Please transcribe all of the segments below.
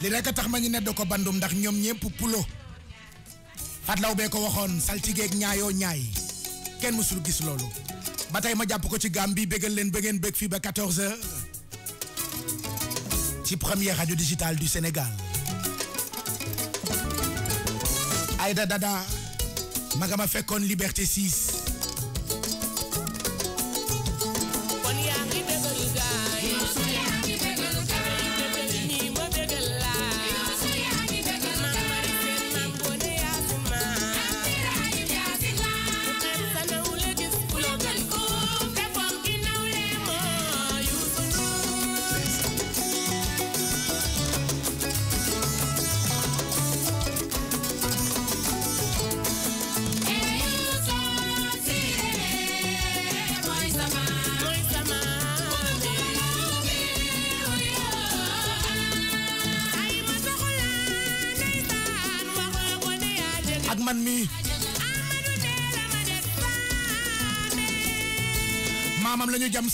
li rek a tax ma ngi ne da ko bandum ndax ñoom ñépp pulo fatlaw bee ko waxoon saltigeeg ñaayoo ñaay kenn mësul gis loolu ba tey ma jàpp ko ci gaam bi bégal leen ba ngeen bég fii ba 14 heures ci première radio digitale du Sénégal Aïda Dada ma nga ma fekkoon Liberté 6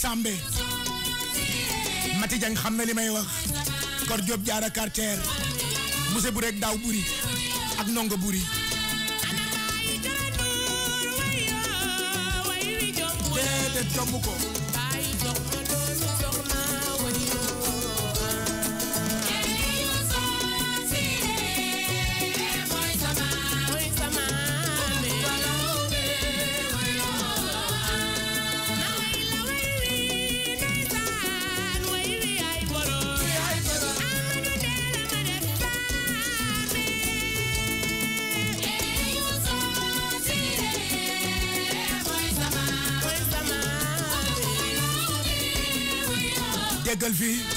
Sambe Mati Dieng xam na li may wax Kor Diop jaara quartier monsieur bu rek daaw buri ak nongo buri déedéet jomb ko belle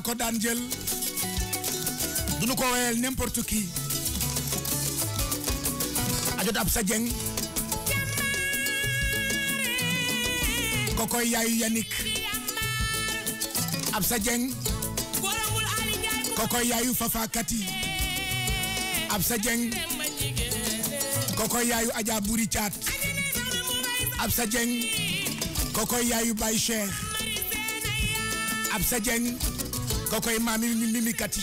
naa daan jël duñu ko wéyal n'importe qui ab sa jeng kokoy yaayu Yannick ab ab sa kokoy yaayu Adja Buri ab sa kokoy yaayu Baye Cheikh ab sa kokoy e maami mimi kati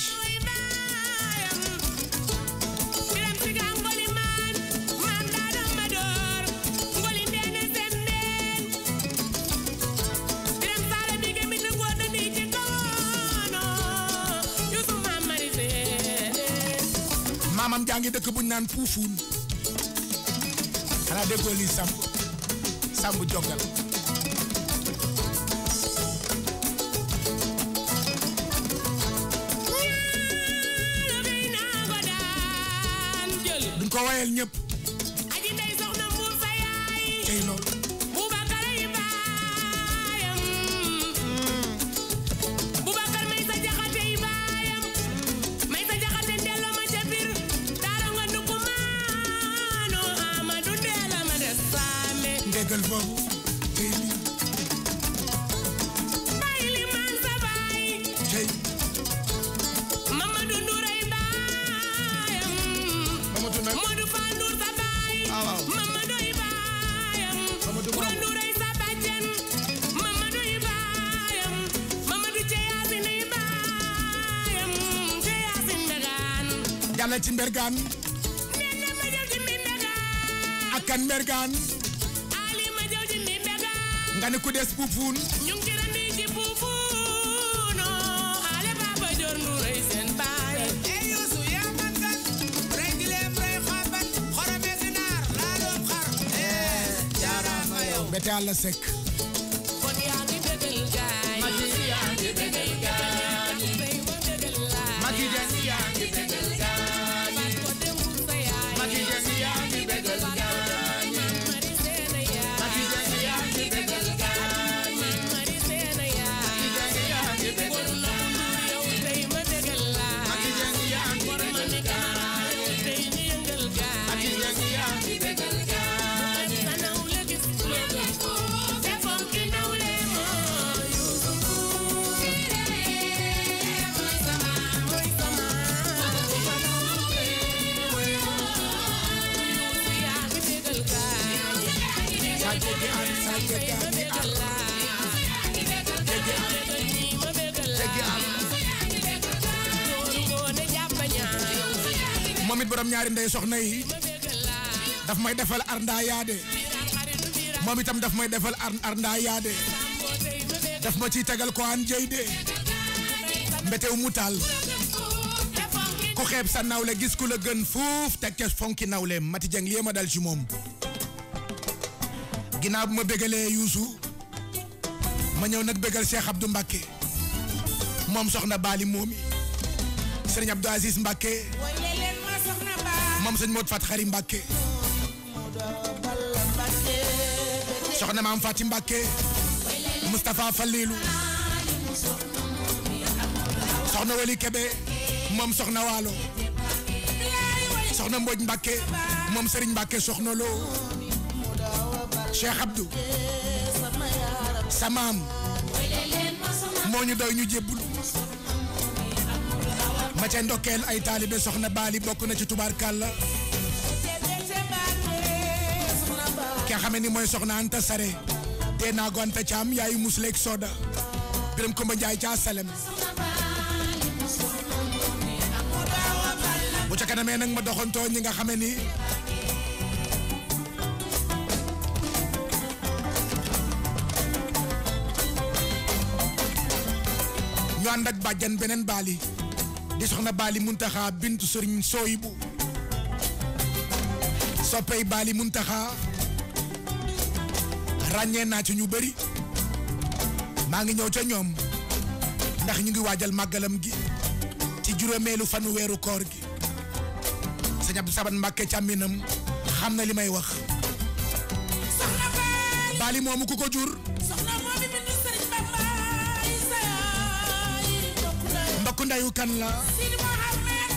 maamam jaa ngi dëkk bu naan puufuun xanaa déggoo lii samb samb jongal wayal ñëpp buun ñu ngi ci rendi ci buufuuno xaale baaba joor nu rëy seen baay yaa man gan rey gileem rey xaabat xoromee naar laa doon xar ee jaaraama yow bete àlla sekk ndaa yaade moom itam daf may defal ar ndaa yaade daf ma ciy tagal ko an jey de mbetew mu taal ku xeeb sa nawle gis ku la gën fuuf teg ca fonki nawle Mati Jeng lii ma dal ci moom ginnaaw bu ma bégalee Youssou ma ñëw nag bégal Cheikh Abdou Mbacké moom soxna Bali moomi Serigne Abdou Aziz Mbacké moom sëñ Modou Fat Xari Mbacké soxna maam Fatim Mbàkke Moustapha Fallilu soxna Wali Kebe moom soxna Waalo soxna Mbodj Mbàkke moom Serigne Mbàkke soxna loo Cheikh Abdou sa maam ñu doy ñu jébbul ma ca ndokkeel ay taalibe soxna Baali bokk na ci tubaarkàlla nga xamee ni mooy soxna Anta Sare te naa ko Anta Thiam yaayu Mousleek Soda Biram Kumba Njaay ca Salem bu ca kanamee nag ma doxantoo ñi nga xamee ni ñu ànd ak bàjjan beneen baali di soxna baali muntaxa bintu sëriñ sooyibu soppey baali muntaxa ràññee na ci ñu bari ma ngi ñëw ci ñom ndax ñu ngi wajal magalam gi ci juróomeelu fanu wéru koor gi sëñ Abdou Saban Mbàkke càmminam xam na limay wax bali momu ku ko jur ndayu kan la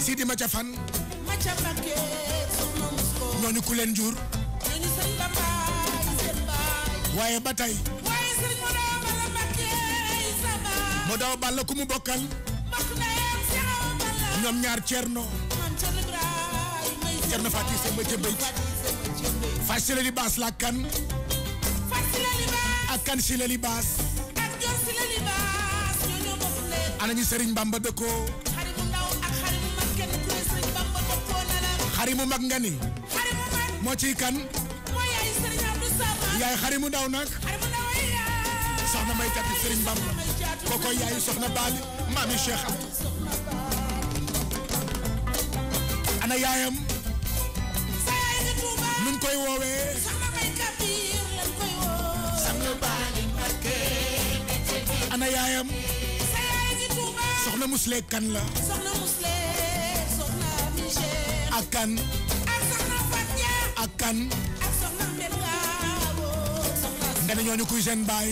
Sidi Matia Fan ñooñu ku len jur waaye ba moo daw balla ku mu bokkal ñoom ñaar cer cerno fati se ma ca bëy faj si la li baas la kan ak kan si baas ana ñu sëriñ bamba dëkkoo xari mu mag nga ni moo ciy kan yaay xari mu ndaw nag soxna may tati sëriñ Bamba koko yaay soxna baali maami Cheikh Abdou ana yaayam nun koy woowee ana yaayam soxna musle kan la ak kan ak kan nga ne ñooñu kuy seen baay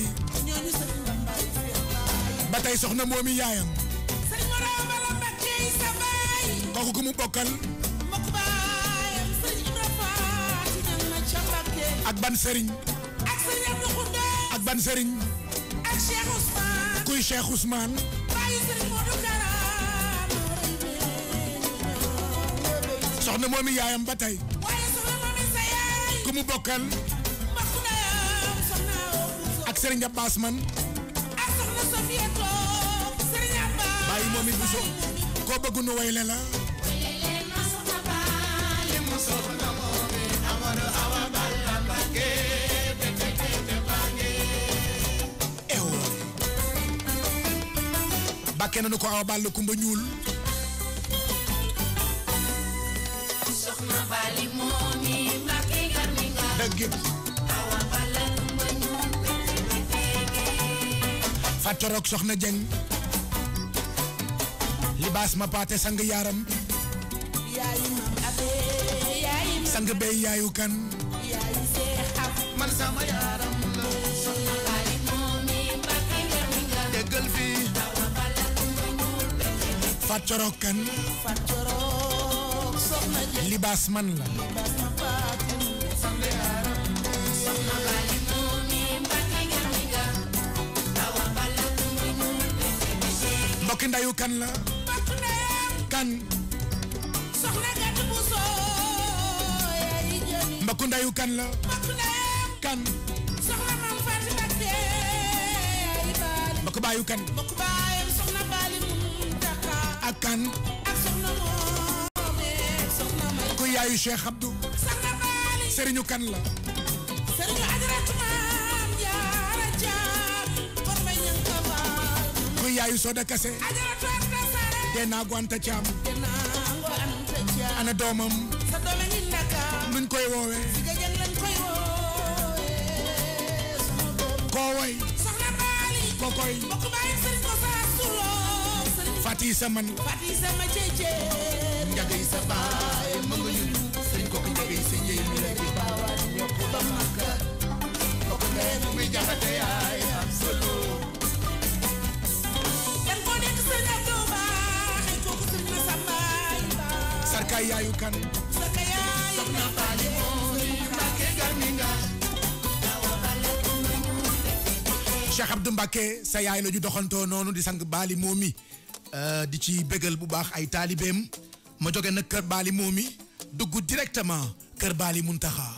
ba tey soxna moomi yaayam kooku ku mu bokkal ak ban sëriñ ak ban sëriñ kuy Cheikh Ousmane soxna moomi yaayam ba tey ku mu bokkal Serigne Abbas man bàyyi moom it buso koo bëgg nu wayle la bàkkee nañu ko awa bàll kumba ñuul soxna bàlli moom yi mbàkkee garmi nga dëgg fattorook soxna jeng libaas ma sang yaaram sang bey yaayu kan libaas man la mbokki ndayu kan la kan mbokki ndayu kan la kan mbokki baayu kan ak kan mbokki yaayu Cheikh Abdou Serigne kan la yaayu Soda Kase den aguanta caam ana doomam nuñ koy woowe koo woy kokoy fati sa man fati sa ma cece njagay sa baay ma nga ñu sëñ kooku njagay sa njëy mi la ci baawaan yokku ba makka kooku ngay mu ngi jaxate yaay Soka yayu kan Soka yayu Sokna pali moni Mbake gaminga Cheikh Abdou Mbacke sa yaay no ju doxantoo nonu di sang momi euh di ci bégal bu baax ay taalibeem ma jóge na kër baali momi duggu directement kër baali muntaxa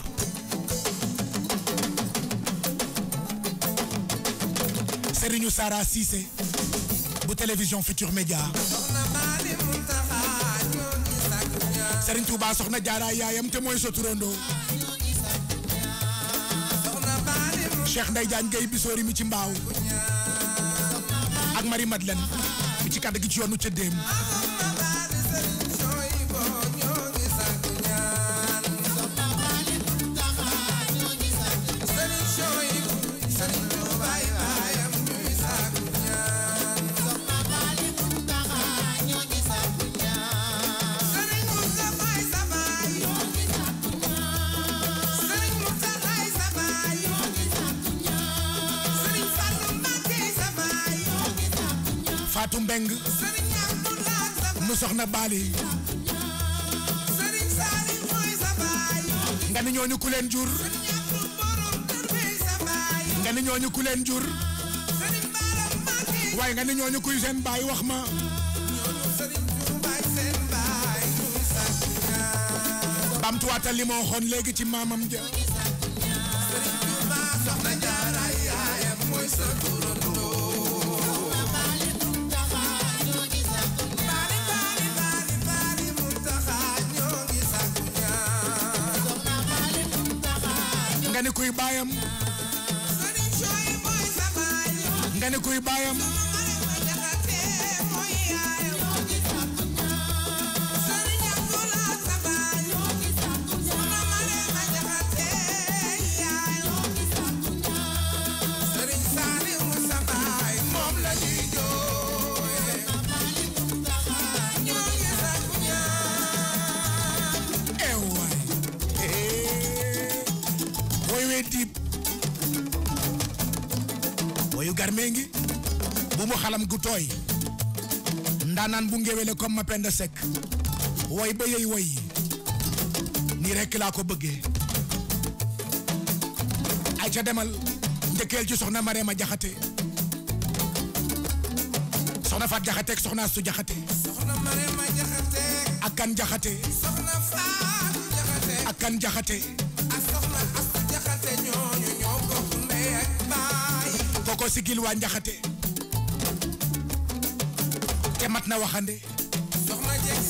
Serigne Sara Cissé bu télévision Future Media Serigne Touba soxna Jaara yaayam te mooy sa turando Cheikh Ndeye Diagne Gueye mi ci mbaaw ak Marie Madeleine mi ci kàddu gi ci yoonu ca mbeng nu soxna baali nga ni ñooñu ku leen jur nga ni ñooñu ku jur waaye nga ni ñooñu kuy seen baay wax ma bamtuwaatal li ma waxoon léegi ci maamam ja nga ne kuy baayam nga kuy baayam xalam gu toy ndanan bu ngewele comme ma pende sec way ba yey way ni rek la ko beugé ay ca demal njëkkeel ci soxna Marema Jaxate soxna fat Jaxate ak soxna su kan Jaxate ak kan Jaxate ak kan Jaxate kooko sigil waa Jaxate te mat na waxande soxna jeg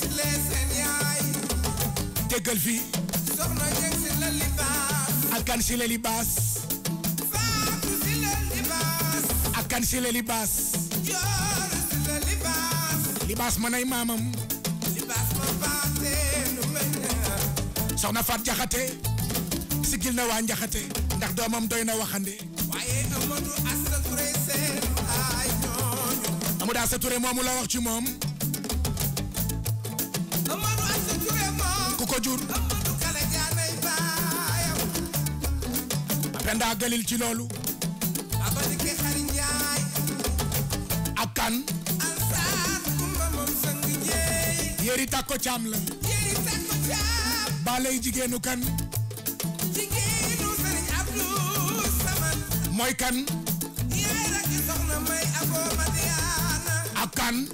si jaxate ndax doomam doy waxande Assa Touré moomu la wax ci moom. ku ko jur. Penda Galil ci loolu. ak kan. yéeri takko caam la. balay jigéenu kan. mooy kan. fan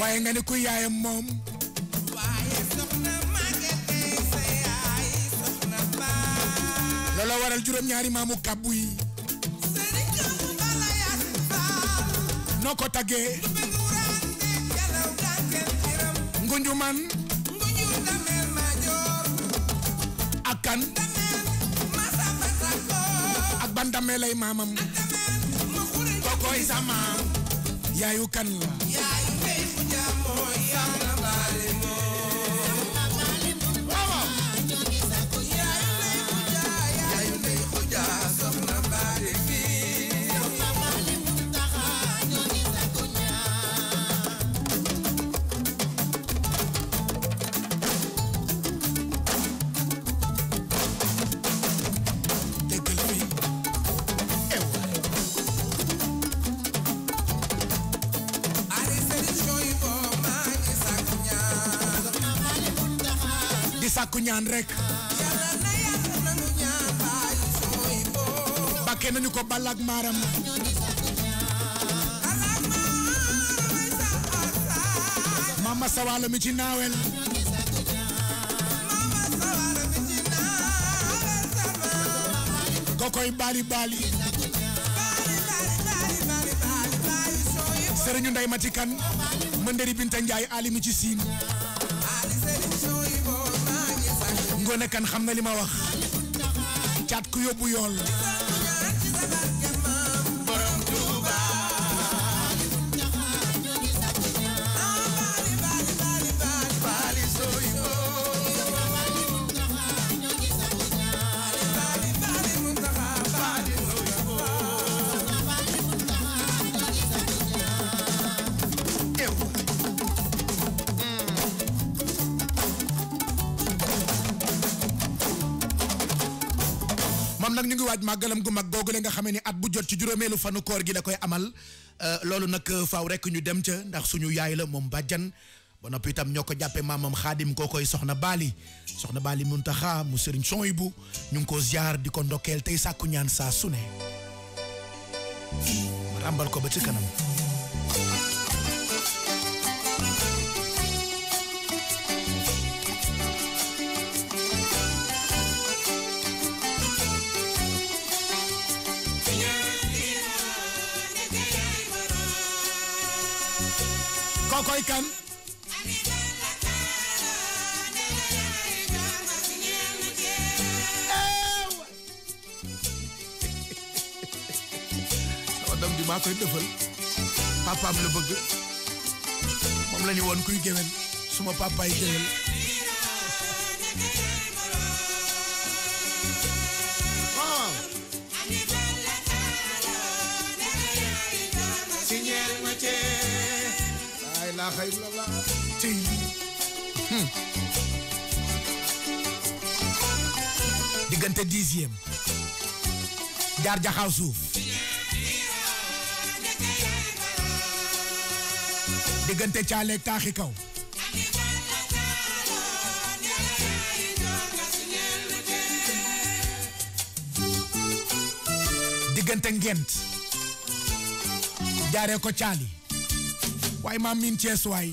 waaye nga ne ko yaayam moom looloo waral juróom-ñaari maamu kàbbu yi noo ko taggee ngunjuman melay maamam kokoy sa maam yaayu kan la sàkku ñaan rek bàkkee nañu ko balak maaram mama sawala mi ci naawel kokoy bali bali sëriñu nday matikan mëndëri binta njaay alimi ci siin ngoone kan xam na li ma wax caat ku yóbbu yool màggalam gu mag googu la nga xamee ni at bu jot ci juróomeelu fanu koor gi la koy amal euh, loolu nag euh, faaw rek ñu dem ca ndax suñu yaay la moom bàjjan ba noppi itam ñoo ko jàppee maamam xaadim koo koy soxna baali soxna baali muntaxa mu sëriñ bu ñu ngi ko ziar di ko ndokkeel tey sàkku ñaan saa su ne ràmbal ko ba ci kanam koy kan sama doom ji maa koy dëfal papaam la bëgg moom la ñu woon kuy géwél suma papaay géwél diggante dixième jaar jaxaw suuf diggante caaleeg taaxi kaw diggante ngent ko caali waaye maam miin Cees waay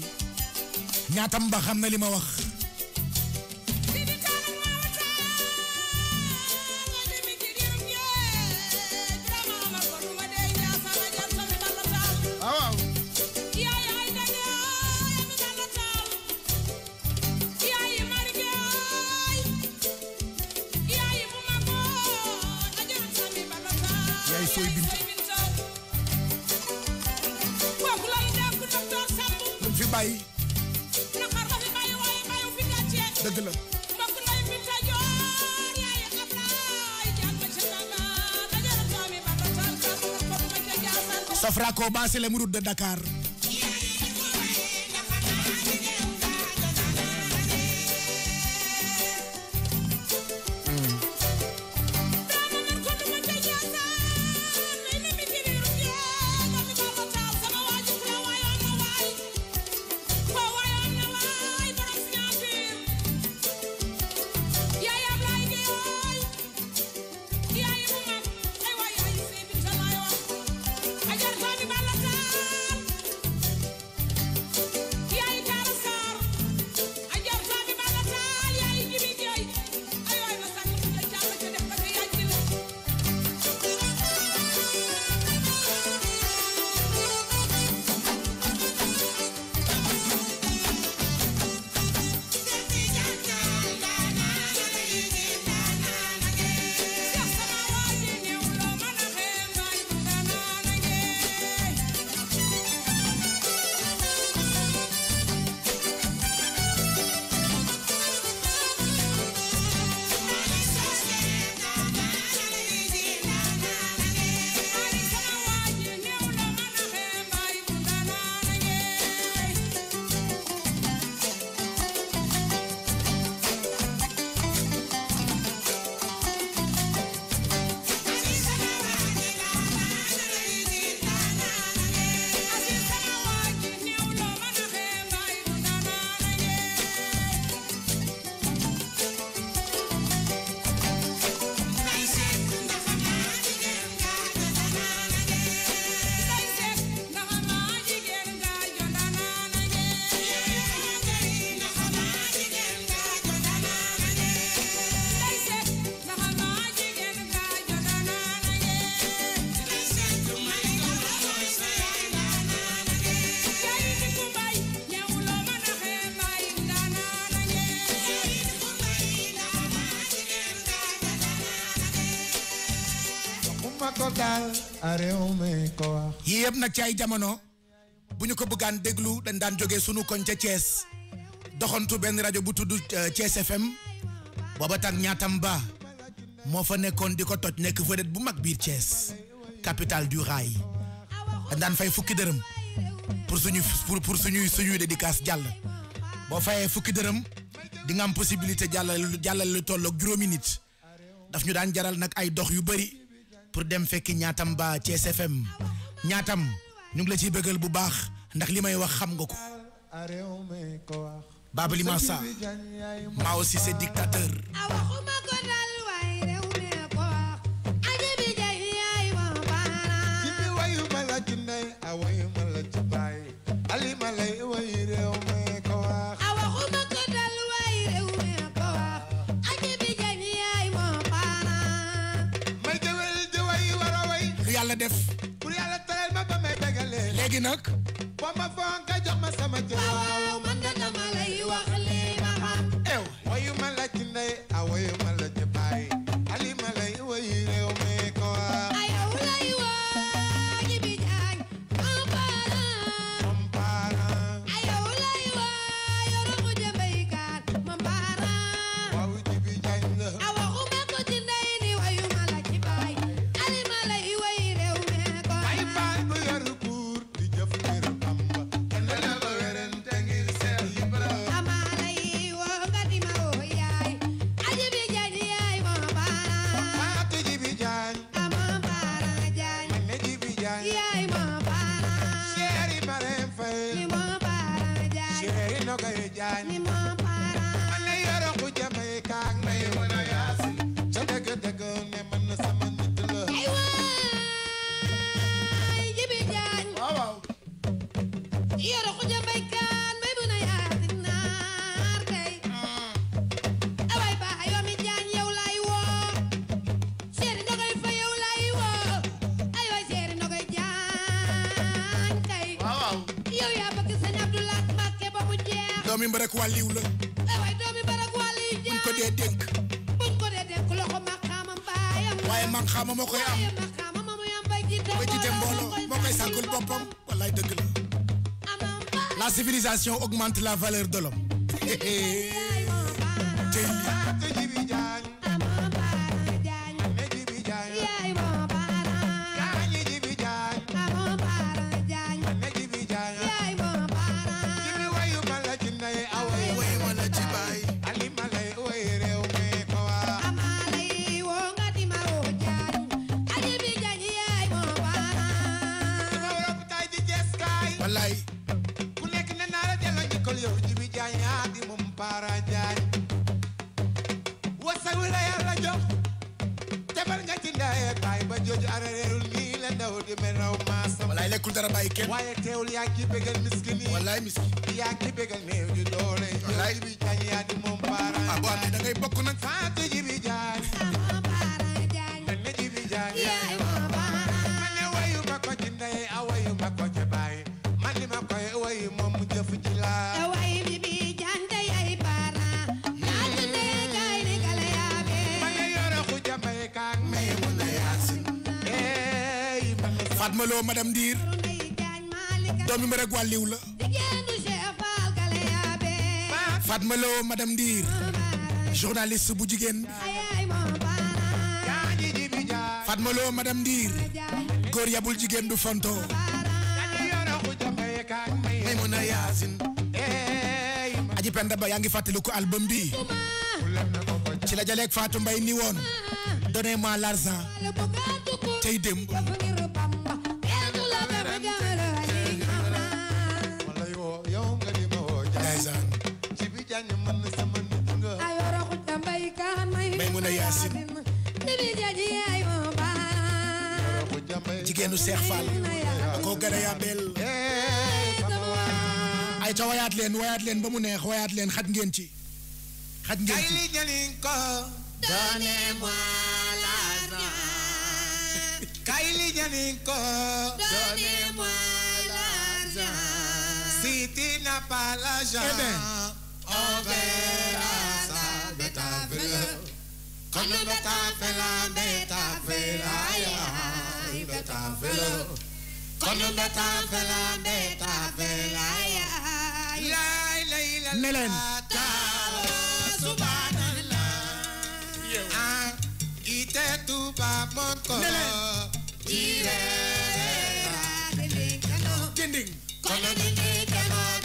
ñaatam ba xam na li wax sooy bind lum fi bàyyi dëgg la safra ko baasile mu route de Dakar yëpp nag ci ay jamono bu ñu ko bëggaan déglu dañ daan jógee sunu koñ ca Thiès doxantu benn rajo bu tudd euh, Thiès FM booba tan ñaatam ba moo fa nekkoon di ko toj nekk vedette bu mag biir cees capitale du rail dañ daan fay fukki dërëm pour suñu pour pour suñuy suñuy dédicace jàll boo fayee fukki dërëm di nga am possibilité jàllale jàllale lu toll ak juróomi nit daf ñu daan jaral nag ay dox yu bëri pour dem fekki ñaatam ba Thiès FM. ñaatam ñu ngi la ciy bëggal bu baax ndax li may wax xam nga ko Baba Limamou Sarr maa aussi c'est My Funk. augmente la valeur de l'homme. Fatma Lo madame Ndir journaliste bu jigéen Fatma Lo madame Ndir góor yabul jigéen du fonto Maymuna Yaasin Aji Penda Ba yaa ngi fàttaliku album bi ci la jaleek Fatou Mbaye ni woon donnez-moi l'argent tey démb Yaasin jigéenu Seex Fall ko gën a yàmbeel ay ca wayaat leen wayaat leen ba mu neex wayaat leen xaj ngeen ci xaj ngeen ci Kylie Janinko, donnez-moi l'argent. Si tu n'as pas l'argent, eh ben, on verra. Come in the tafela, me tafela, ya, in the tafela. Come in the tafela, me tafela, ya, ya, la, la, la, la, ah, Ite tu pa monko. Ire, gending. Kono ding,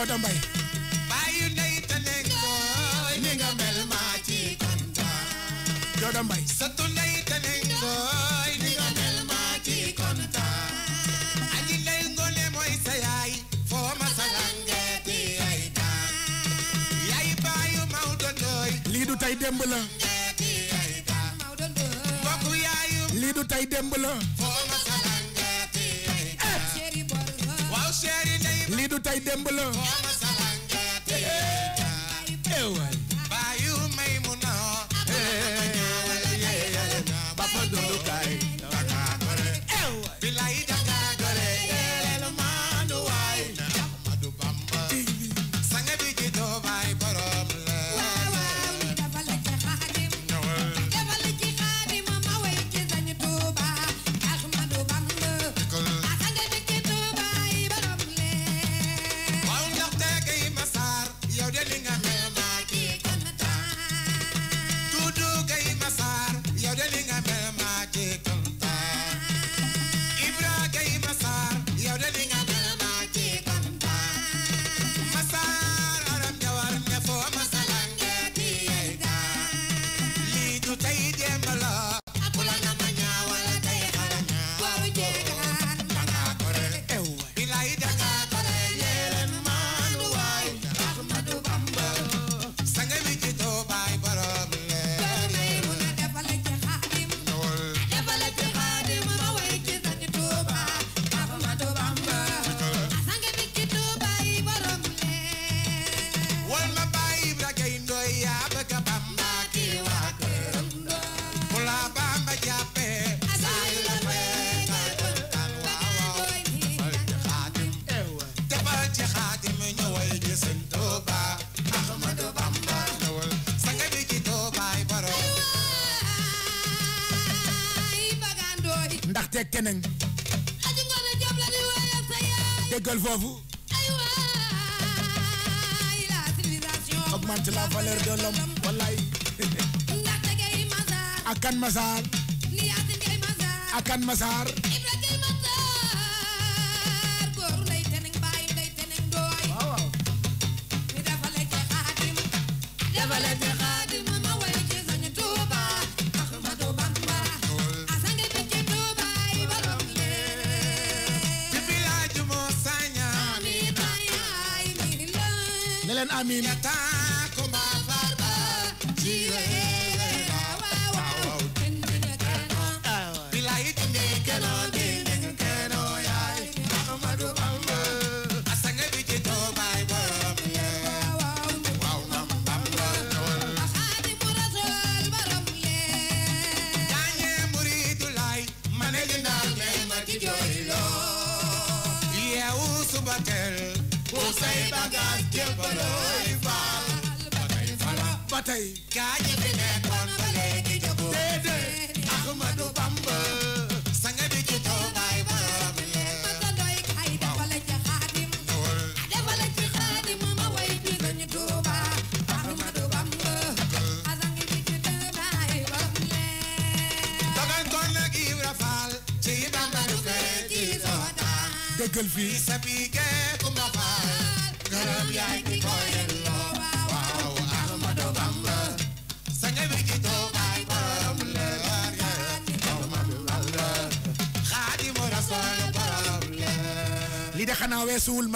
Daouda Mbaye Daouda Mbaye satu nay tane ngoy ni nga mel ma ci kontaan aji lay ngone mooy sa yaay foo ma sa langeeti ay taan yaay baayu Maodo Ndoye lii du tey la mbokk yaayu lii du tey la tey démb la keneng déggal foofu augmente la valeur de l'homme wallaay akan masar akan masar I mean,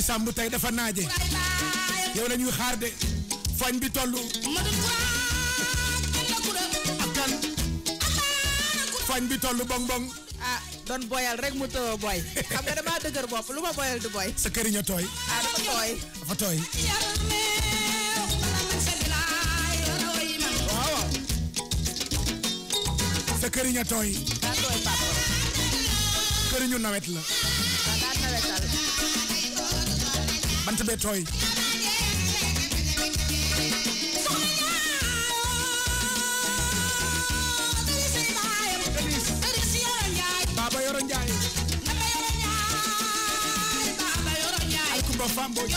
Marie Samb tey dafa naaje yow la ñuy xaar de fañ bi toll. bi toll bong bong. ah doon boyal rek mu tëw boy xam nga damaa dëgër bopp lu ma boyal du boy. sa a tooy. ah dafa a tooy. këriñu nawet la. ti bɛ tɔ ye. baba yɔrɔ njaye. baba yɔrɔ njaye. alikuba fanboy.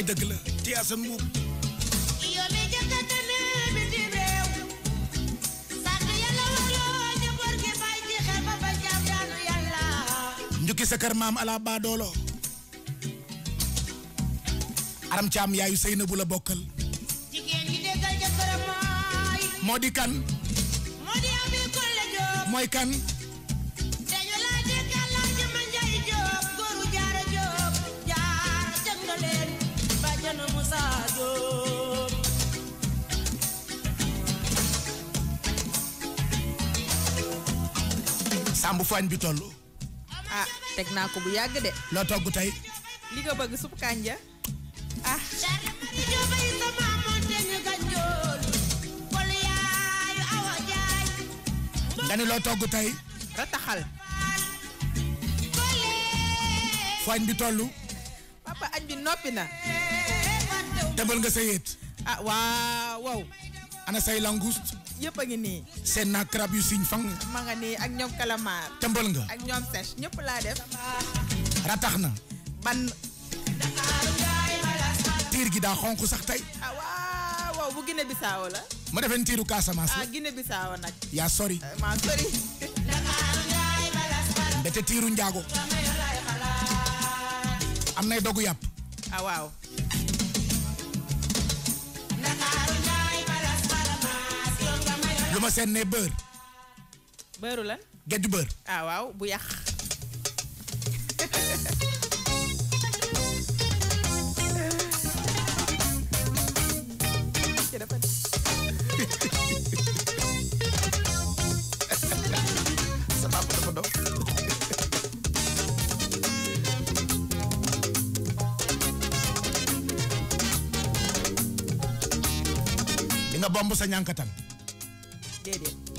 wallaay dëgg la tiyaa sa mbuub njukki sa kër maam ala baadoolo aram caam yaayu sëyna bu la bokkal moo di kan mooy kan pañ bi tollu ah tek na ko bu yag de loo togg tay li nga bëgg sup kanja ah ya, dani lo loo tay ra taxal fañ bi tollu papa añ bi nopi na tebal nga sayet ah waaw wow ana say langus yëpp a ngi nii. seen naa crab yu siñ fang. ma nga nii ak ñoom calamar. tëmbal nga ak ñoom sèche ñëpp laa def. ratax na. ban. tiir gi daa xonq sax tey. ah waaw bu Guinée Bissau la. ma defeen tiiru Casamance la. ah sori. Eh, maa sori. mbete tiiru njaago. am nay dogu yàpp. ah waaw. dama seen ne beur beuru lan. géej beur ah waaw bu yàq. nga bomb sa ñànkatan did it.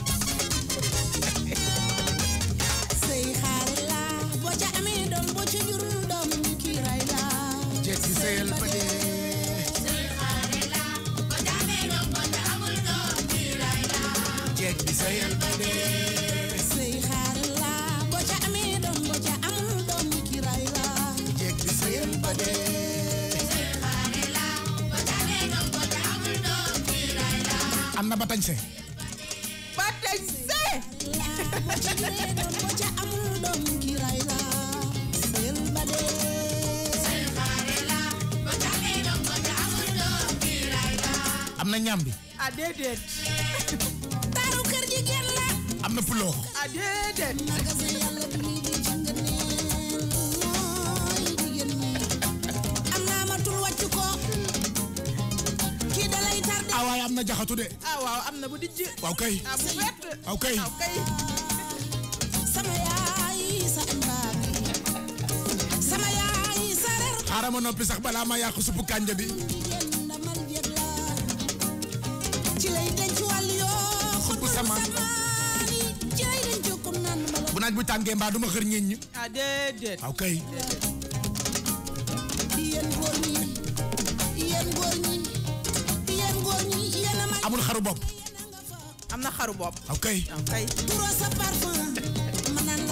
Oke. Oke. Oke. noppi sax ma yàqu kànja bi bu naaj bu tàngee mbaa xër ñeñ ñi bopp. ok ok. turoo man de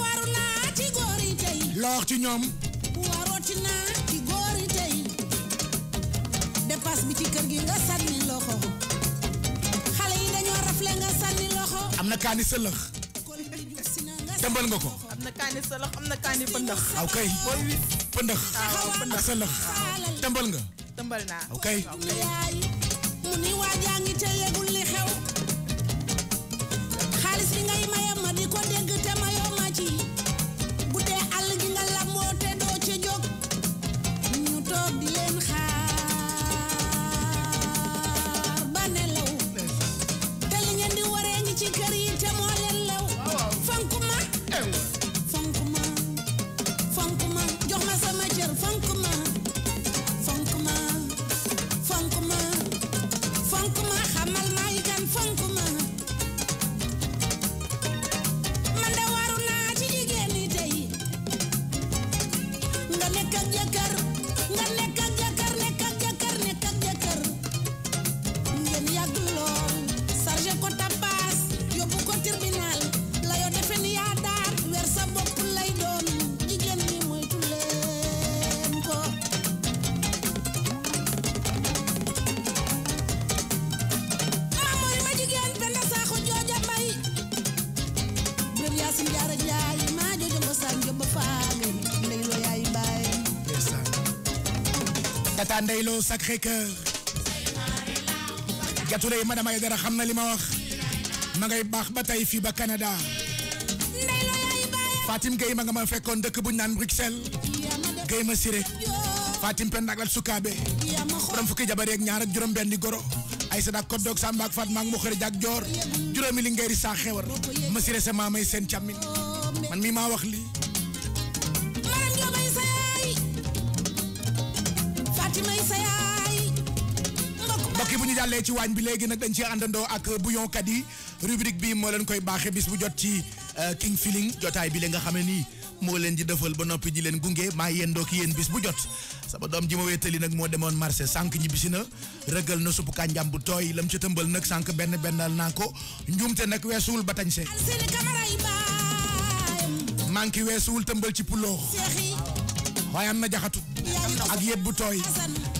waru ci góor yi tey. loo ci ñoom. warooti ci góor yi tey. dépasse bi ci kër gi nga sànni loxo. xale yi dañoo rafle nga sànni loxo. am na kaani sëlëx. tembal nga ko. am na kaani salax am na kaani pëndax. aw ah, kay booy wis. pëndax. Ah, waaw pëndax ak salax. tembal nga. tembal naa. aw kay. Adja Lo Sacré Cœur jatulay madame Aïdara xam xamna lima wax ma ngay bax ba tay fi ba Canada Fatim gay ma nga ma fekkoon dëkk buñ nan Bruxelles gay ma siré Fatim Penda ak Lat Sukaabe borom fukki jabaré ak ñaar ak juroom benni goro Aïssa dak koddoog Samba ak Fatma ak Mokhari jak jor juróomi li ri sa xewar ma siré sa mamay sen chamine man mi ma wax li jàllee ci waañ bi léegi nag dañ ci àndandoo ak bouillonkat yi rubrique bi moo leen koy baaxee bis bu jot ci euh, King Feeling jotaay bi la nga xam ne nii moo leen di defal ba noppi ji leen gunge maa yendoo ki yéen bis bu jot sama doom ji ma wéetali nag moo demoon marché sànq ñibbisi na rëgal na suppu kànjam bu tooy lam ca tëmbal nag sànq benn bennal naa ko njuumte nag weesuwul ba tañse manki weesuwul tëmbal ci puloox waaye am na jaxatu ak yëpp bu tooy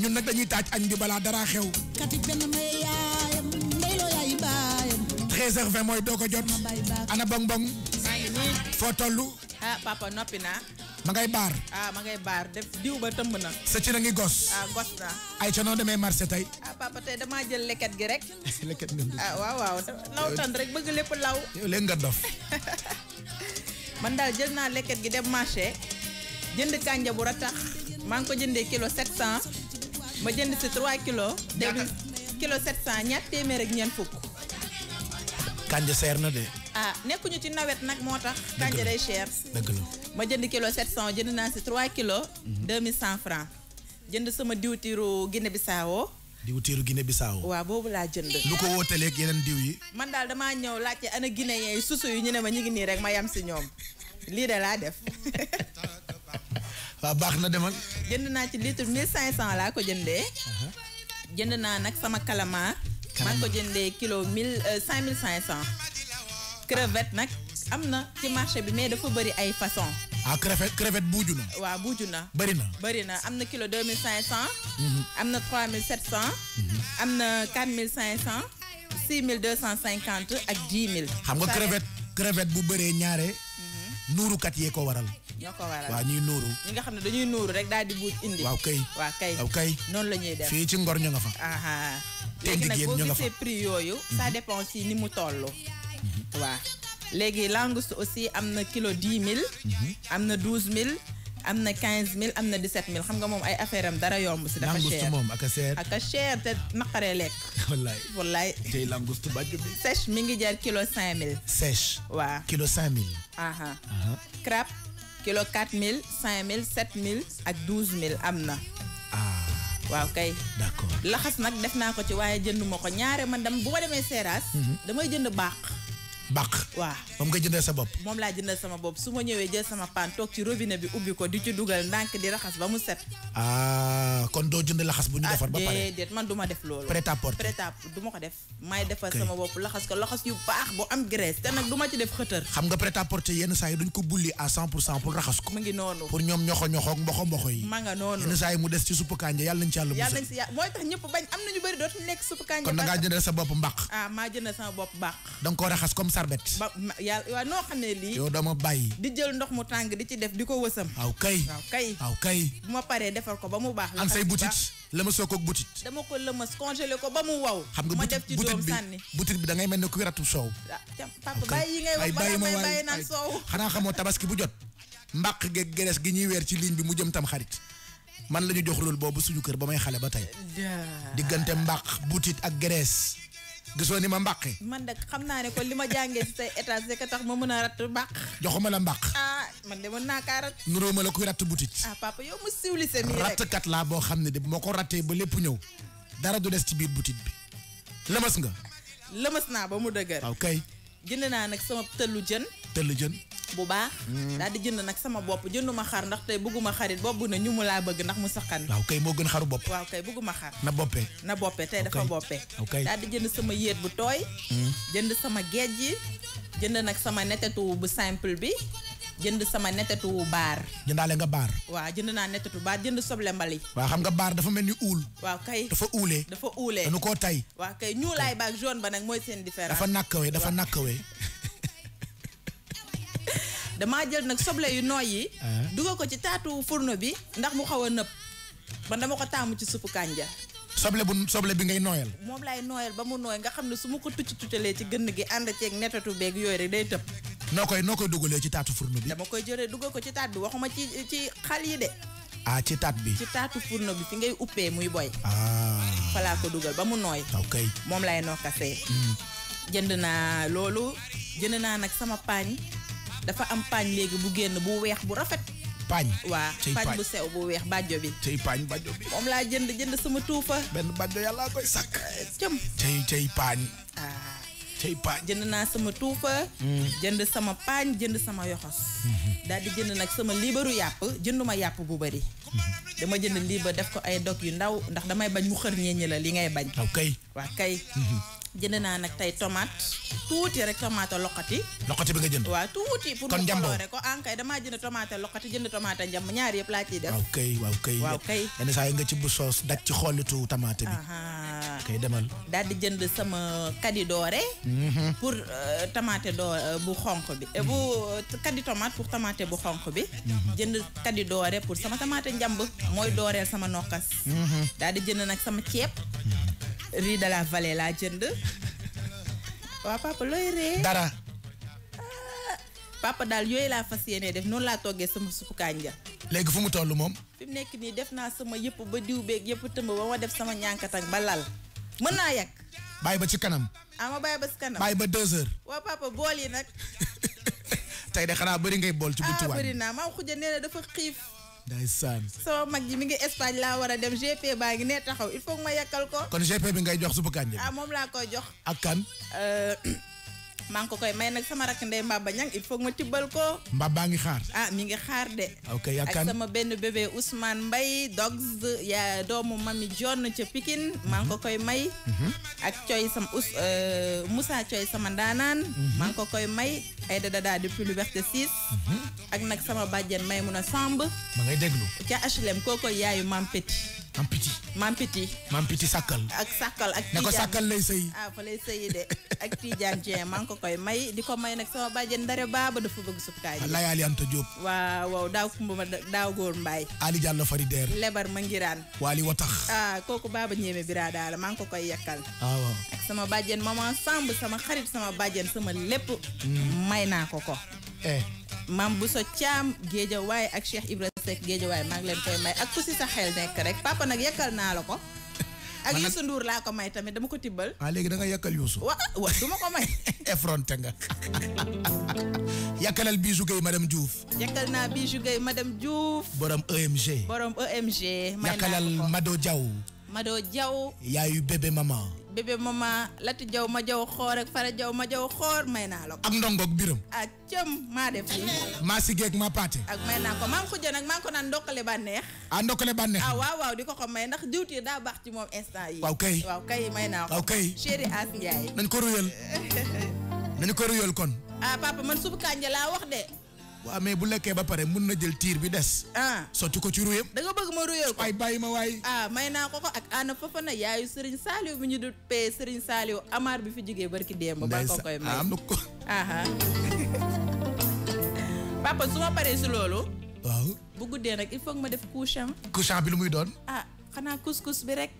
ñun nag dañuy taaj añ bi balaa dara xew. mooy doo ko jot. ana bong bong. foo toll. ah papa noppi naa. ma ngay baar. ah ngay baar def diw ba tëmb na. sëcc na ngi gos. ah gos na. ay ca noo demee marché tey. ah papa tey damaa jël leket gi rek. leket ah, waaw waaw law rek bëgg lépp law. yow nga dof. man daal jël naa leket gi dem marché. jënd kànja bu ratax. maa ngi ko jëndee kilo 700. ma jënd si 3 kilos. ñaata kilo 700 ñaar téeméer ak ñeent fukk. kanja seer na de. ah nekkuñu ci nawet nag moo tax. kanja day cher. ma jënd kilo 700 jënd naa si 3 kilos. 2100 mhm. francs jënd sama diwtiiru Guinée Bissau. diwtiiru Guinée Bissau. waaw boobu laa jënd. lu ko wootalee ak yeneen diw yi. man daal damaa ñëw laajte ana Guinée yi susu yu ñu ne ma ñu ngi nii rek ma yam si ñoom lii de laa def. waaw baax na demal. ci litre 1500 laa ko jëndee. Uh-huh. jënd naa nag sama calamar. maa ko jëndee kilo 1500. 5500. Euh, crevette nag am na ci marché bi mais dafa bëri ay façon ah crevette crevette buuju Wa waaw buuju na. bëri na bëri kilo 2500. Mm-hmm. am 3700. Mm-hmm. am 4500. 6250 ak 10000. 000. xam nga crevette crevette bu bëree ñaare. Mm-hmm. nuurukat yee ko waral. ñoo ko waral waaw ñuy nga xam ne dañuy nuuru rek daal di buuj indi waaw kay waaw kay noonu la ñuy def fii ci ngor ñu nga fa aha léegi nag boo gisee yooyu ça mhm. dépend si ni mu toll mhm. waaw léegi langouste aussi am na kilo dix mille mhm. am na douze mille am na quinze mille am na dix-sept mille xam nga moom ay affaire am dara yomb si dafa cher langouste a cher ak a cher te naqaree lekk wallaay wallaay mi ngi jar kilo cinq mille sèche waaw kilo cinq mille aha kilo 4000 5000 7000 ak 12000 am na. Ah. waaw kay. laxas nag def naa ko ci waaye jënd ma ko ñaaree man dama bu demee seeraas. Mhm. damay jënd baax. bàq. waaw moom nga jëndal sa bopp. moom laa jëndal sama bopp su ma ñëwee jël sama paan ci robinet bi ubbi ko di ci dugal ndànk di raxas ba mu set. Ah, kon doo bu ñu ah, defar ba pare déedéet man du ma def loolu. jëndal sa bopp mbaq. Ah, maa jëndal sama bopp mbaq. da koo raxas comme sarbet yàlla waaw ya, ya, noo xam ne lii yow dama bàyyi di jël ndox mu tang di ci def diko wëssam aw kay aw kay aw kay bu ma paree ko ba mu bax am say butit lëmasoo koog boutit dama ko lëmas congeler ko ba mu waw xam nga boutit bi boutit bi da ngay melni ku ratu sow ah, papa bàyyi yi ngay wax bàyyi ma bàyyi naan soow xanaa xamoo tabaski bu jot mbak ge gerees gi ñi wër ci ligne bi mu jëm tam xarit man lañu jox lool bobu suñu kër ba may xalé ba tey diggante mbak boutit ak gerees gisoo ni ma mbàqe. man de xam naa ne ko li ma jàngee si say étage rek tax ma mën a ratt mbàq. joxuma la mbàq. ah man de mën naa kaa ratt. nuroo ma la kuy ratt boutique. ah papa yow mu siwli sa mii rek. rattkat laa boo xam ne de bu ma ko rattee ba lépp ñëw dara du des ci biir boutique bi lëmas nga. lëmas naa ba mu dëgër. waaw kay. jënd naa nag sama tëllu jën. tëllu jën. bu baax. Mm-hmm. daal di jënd nag sama bopp jënduma xar ndax tey bëgguma xarit bopp na ñu mu laa bëgg ndax mu saxan. waaw kay moo gën xaru bopp. waaw kay bëgguma xar. na boppee. na boppee tey dafa boppee. daal di jënd sama yéet bu tooy. Mm-hmm. jënd sama géej yi jënd nag sama netetu bu simple bi. jënd sama netetu baar. jëndaale nga baar. waaw jënd naa netetu baar jënd soble mbali. waaw xam nga baar dafa mel ni uul. waaw kay dafa uulee. dafa uulee dañu koo tay. waaw kay ñuulaay baag jaune ba nag mooy seen différence. dafa nàkkawee dafa nàkkawee damaa jël nag soble yu nooy yi. Ah. dugal ko ci taatu furno bi ndax mu xaw a nëb man dama ko taamu ci suppu kànja soble bu soble bi ngay nooyal. moom laay nooyal ba mu nooy nga xam ne su ma ko tucc tuccalee ci gënn gi ànd ceeg netatu beeg yooyu rek day tëb. noo koy noo koy dugalee ci taatu fourneau bi. dama koy jëlee dugal ko ci taat bi waxuma ci ci xal yi de. Ah, taat bi. taatu fourneau bi fi ngay uppee muy boy. Ah. ko dugal ba mu nooy. moom laay nokkasee. Hmm. jënd naa loolu jënd naa nag sama paañ. dafa am paañ léegi bu génn bu weex bu rafet. paañ waa paañ bu sew bu weex bàjjo bi. tey paañ bàjjo bi. moom laa jënd jënd sama tuufa. benn bàjjo yàlla koy sàkk. cëm tey tey paañ. jënd naa sama tuufa. Hmm. jënd sama paañ jënd sama yoxos. Hmm. daal di jënd nag sama liibaru yàpp jënduma yàpp bu bari. Hmm. dama jënd liibar def ko ay dog yu ndaw ndax damay bañ mu xër ñeeñi la li ngay bañ. waaw kay. waa kay. jënd naa nag tey tomate tuuti rek tomate lokati. lokati bi nga jënd. waaw tuuti pour. kon njambo rek ko en kay dama jënd tomate lokati jënd tomate njamb ñaar yëpp laa ciy def. waaw kay waaw kay. waaw kay yenn saa nga ci bu soos daj ci xollitu tomate bi. kay demal. daal di jënd sama kadi mhm. doore. pour tomate do bu xonk bi. bu kadi tomate pour tomate bu xonk bi. jënd kadi doore pour sama tomate njamb. mooy dooreel sama nokkas. daal di jënd nag sama ceeb. riz de la vallée laa jënd. waaw papa looy ree dara. Ah, papa daal yooyu laa fas yéene def noonu laa toggee sama suppu kànja léegi fu mu toll moom. fi mu nekk nii def naa sama yëpp ba diw beeg yëpp tëmb ba ma def sama ñànkat ak ba lal mën naa yàq. bàyyi ba ci kanam. ah ma ba ci kanam. bàyyi ba deux heures. waaw papa bool yi nag. tey de xanaa bëri ngay bool. ci buntu waay ah bëri naa maa xuja nee na dafa xiif. ndeysaan sama mag ji mi ngi Espagne laa war a dem GP baa ngi ne taxaw il faut ma yàkkal ko kon GP bi ngay jox suba kànja ah moom laa koy jox ak kan euh, maa ngi ko koy may nag sama rakk ndey Mbaba Ñang il faut ma tibbal ko. Mbaba ngi xaar. ah mi ngi xaar de. ok ak sama benn bébé Ousmane Mbaye dogs yaa doomu mami John ca pikin maa ngi ko koy may. Mhm. ak Coy sama Ous euh, musaa Coy sama ndaanaan. Mhm. maa ngi ko koy may ay dada depuis Liberté 6. Mhm. ak nag sama bàjjen Maymuna Samb. ma ngay déglu. ca HLM kooku yaayu Mampéti. mam piti mam piti mam piti sàkkal ak sàkkal ak ne ko sàkkal lay sëy ah fa lay sëyi de ak Tidiane Dieng maa ngi ko koy may di ko may nag sama bàjjen ndare baaba dafa bëgg subkaay lay Ali Anta Diop waaw waaw daaw kumba ma daaw góor mbaay Ali Diallo Farideer lebar ma ngiraan waali watax ah kooku baaba ñéeme bira daala maa ngi ko koy yekkal ah, waaw ak sama bàjjen maman Samb sama xarit sama bàjjen sama lépp mm. may naa ko ko Eh. maam bu so caam géejawaay ak Cheikh Ibrahima Seck géejawaay maa ngi leen koy may ak ku sa xel nekk rek papa nag yekkal naa la ko ak Youssou Ndour laa ko may tamit dama ko tibbal ah léegi da nga yekkal Youssou wa ma ko may effronté nga yakkalal Bijou Gueye madame Diouf yakkal naa borom EMG borom e yakkalal Mado Diaw madoo jaw yaayu bébé maman bébé mama lati jaw ma jaw xoor ak fara jaw ma jaw xoor may naa la ko. am ndongoog biram. ah cëm maa def lii. maa si geeg maa paate. ak may naa ko maam xuja nag maa ngi ko naan ndokkale bànneex. ah ndokkale bànneex. ah waaw waaw di ko xam may ndax diwtiir daa baax ci moom instant yi waaw kay waaw kay may naa ko. waaw kay chéri As Ndiaye. nañ ko ruyal ko kon. ah papa man subu kànja wax de. waaw mais bu lekkee ba pare mun na jël tiir bi des. ah sotti ko ci ruyam. da nga bëgg ma ruyal ko ay bàyyi ma waay. ah may naa ko ko ak Anna Fofana yaayu Serigne Saliou bi ñu dut pee Serigne Saliou Amar bi fi jugee barki démb. ba ko koy may am na ko. papa su ma paree si loolu. waaw bu guddee nag il faut ma def couchant. couchant bi lu muy doon. ah xanaa couscous bi rek.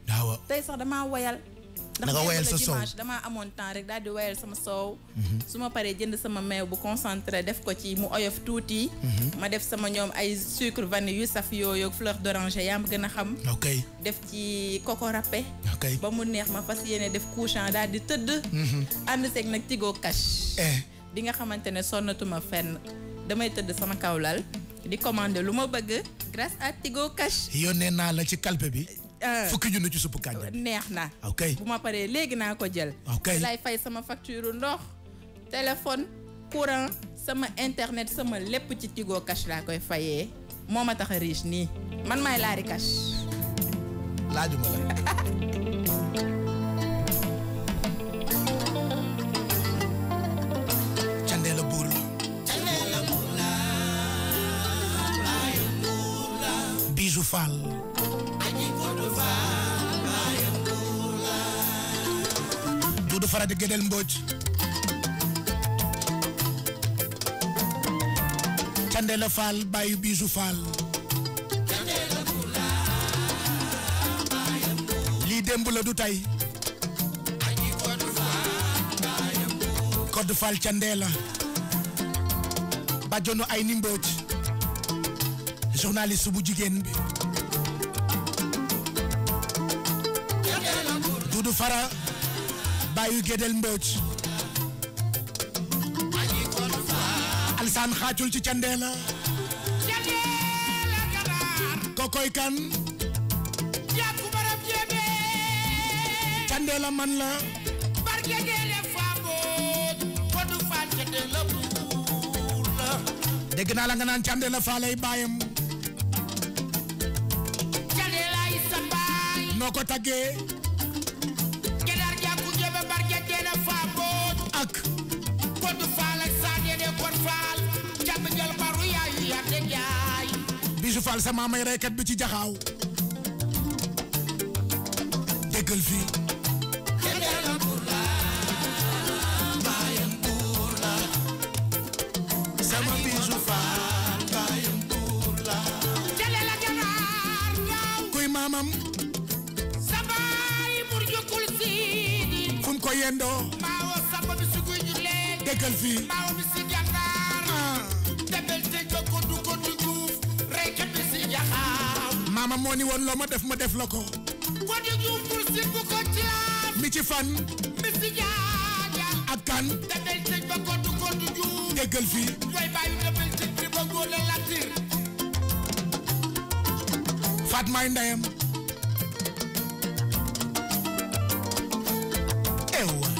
tey sax damaa woyal. da nga wayal sa soow dama amoon temps rek daal di wayal sama soow su jënd sama bu concentré def ko ci mu oyof tuuti mhm. ma def sama ay sucre vanille yusaf yooyu fleur d'oranger yaa ma a xam def ci coco ba mu neex ma def couchant di mhm. tigo cash eh. di nga xamante ne fenn damay sama di commander bëgg grâce à Tigo Cash yónnee naa la ci bi Euh. fukki junni ci suppu kànja neex na ok bu ma paree léegi naa ko jël ok lay fay sama facture ndox téléphone courant sama internet sama lépp ci Tigo Cash laa koy fayee moo ma tax a riche nii man maay laari cash laajuma la Fall fara di gëdel mbooj Candela Fall bàyyi biisu Fall lii démb la du tey Codé Fall Candela bàjjonu ay ni mbooj journaliste bu jigéen bi Dudu Fara baayu Gédel Mbodj Alsaan xaacul ci candeela kokoy kan candeela man la dégg naa la nga naan candeela faa lay baayam noo ko taggee Fall sa maamay reykat bi ci jaxaaw déggal fii sama bisu Fall baayam buur la jaleela jaraar kuy maamam sa baay mur jukul siidi fu mu ko yendoo maawo samba bi si guy julee déggal fii maawo bi si jangaar debel ah. te jokku maama moo ni woon loo ma def ma def la ko. wadi do pour si ko jaar. mi ci fan. mi ak kan. da ngay ba ba latir. ewa.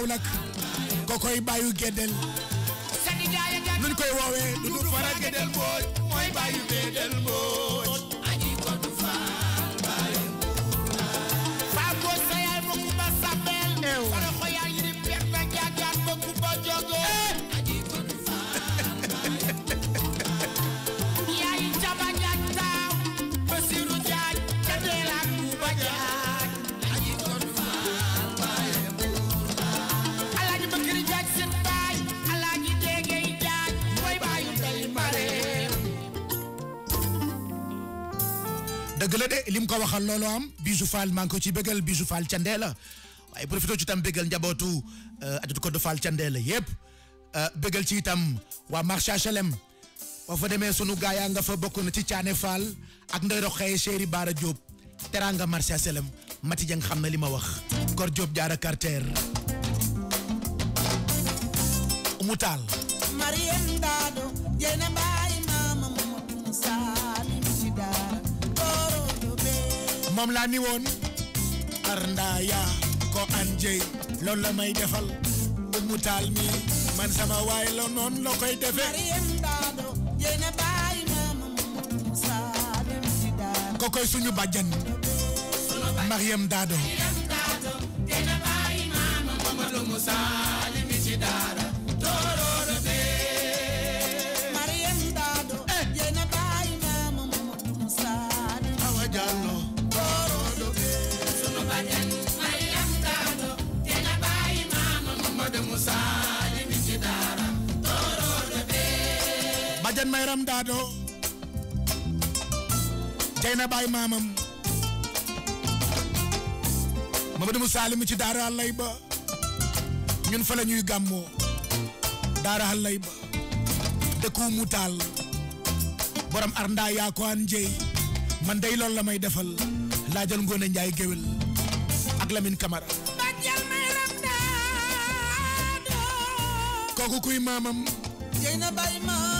Kaolack kokoy bàyyu Gédel luñ koy woowee dudu fara Gédel booy dëgg la de lim ko waxal loolu am bisu Fall maa ngi ko ci bëggal bisu Fall Candé la waaye profité ci tam bëggal njabootu ajut ko de Fall Candé yépp yëpp euh, bëggal ci itam waa marché chalem boo fa demee sunu gaa nga fa bokk na ci Thiané Fall ak Ndeye Rokhaya Chéri Bara Diop teranga marché chalem Mati jang xam na li ma wax Kor Diop jaara carter umutal mariendado yenemba moom laa ni woon arnda yaa ko an jey loolu la may defal umu taal mi man sama waay la noonu la koy defe ko koy suñu bàjjan Mariam Dado bàjjan mayram daado na baay maamam Mamadou Moussa Alimu ci daara àllay ñun fa ñuy gàmmoo daara àllay dëkku mu taal borom ar ndaa yaa ko an man day loolu la may defal laajal ngoone njaay géwél ak Lamine Camara kooku kuy maamam jey na baay maamam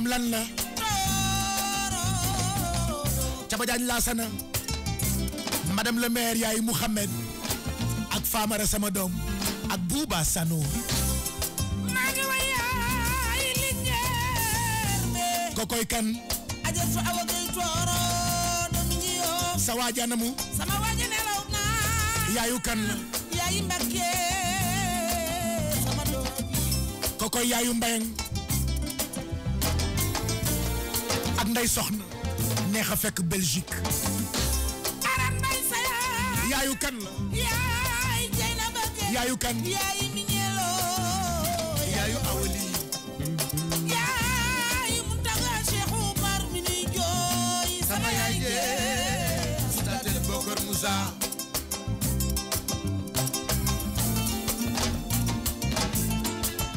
lan la Caba Jaañ Laasana madame le maire ak Famara sama doom ak Bouba Sano kokoy kan sa waaja namu sama waaja nelaw na yaayu kan yaayu Mbakke kokoy yaayu Mbayang nday soxna neex a fekk Belgique yaayu kan yaayu kan yaayu awali yaayu muntaga Cheikh Oumar mi nuy jooy sama yaay jee stade Bokar Moussa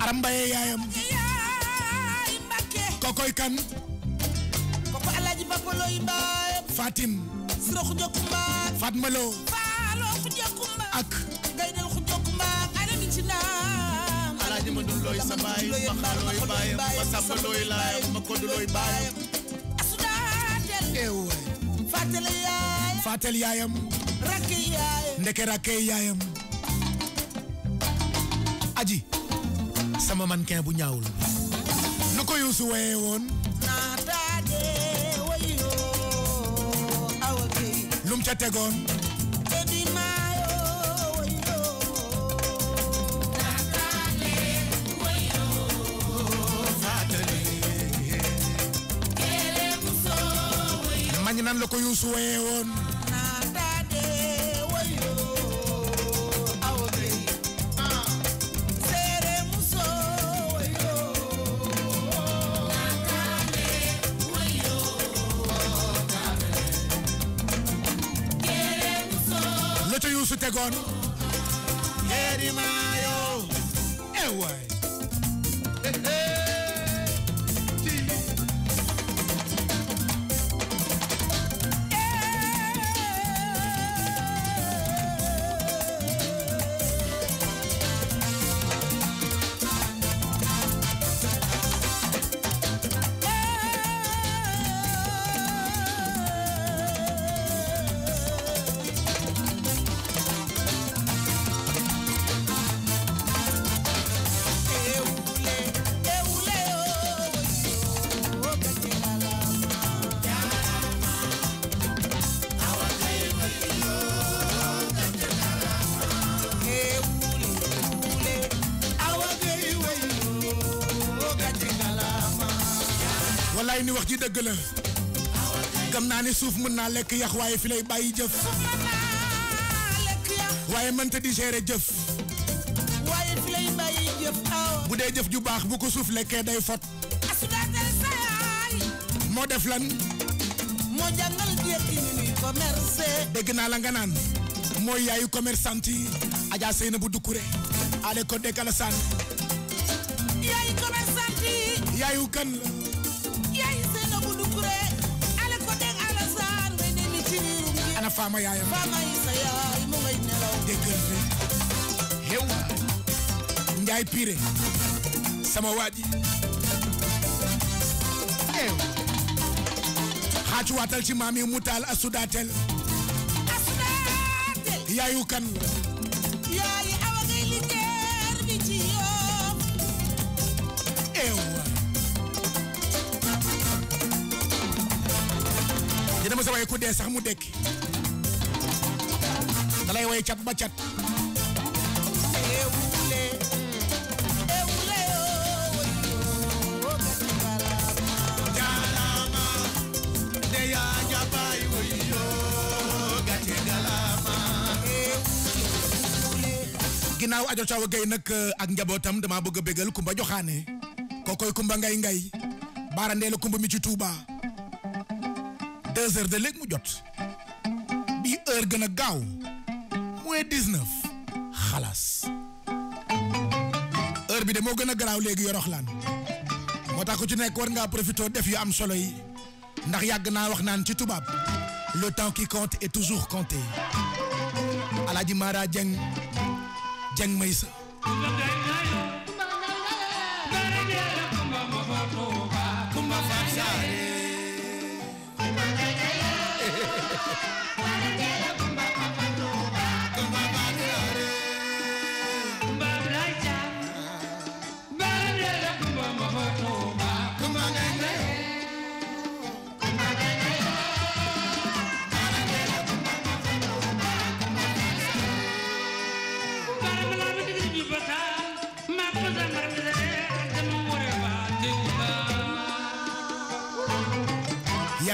aram mbaye yaayam kokoy kan papaloy mbaayam fatim sira xujo kumba fatma faalo xujo kumba ak gaynel xujo kumba adami ci naam alaaji ma dul looy sa baay ma xaalooy baayam ma sàmba looy laayam ma kodu looy baayam asudaatel eew fatel yaayam fatel yaayam rakke yaayam ndeke rakke yaayam aji sama mannequin bu ñaawul nu ko yuusu waye ca tegoon mañ nan la ko Youssou waye woon yax waaye fi lay bàyyi jëf waaye mënta di gérer jëf waaye fi lay jëf bu dee jëf ju baax bu ko suuf lekkee day fot moo def lan moo jàngal jeex yi ñuy commerce dégg naa la nga naan mooy yaayu commerçante yi Adja Seynabou Doucouré ale ko dégg yaayu commerçante yaayu kan faama yaayam faama yi sa mu ngay nelaw jëkkër fi xew njaay sama waaji xew xaacu waatal ci maam mu taal asudaatel asudaatel yaayu kan yaay awa ngay liggéer bi ci yoom ew dina ma sa ku dee sax mu dekki lay way cat ba cat ginnaaw ajo cawa gay nag eh, ak njabootam dama bëgg a bégal kumba joxaane kookoy kumba ngay ngay baarandeela kumba mi ci Touba deux heures de léegi mu jot bi heure gën a gaaw 99 xalaas heure bi de moo gën a garaaw léegi yoroxlaan moo tax ku ci nekk war ngaa profité def yu am solo yi ndax yàgg naa wax naan ci tubaab le temps qui compte est toujours compté Alaaji Mara Jeng Jeng Maysa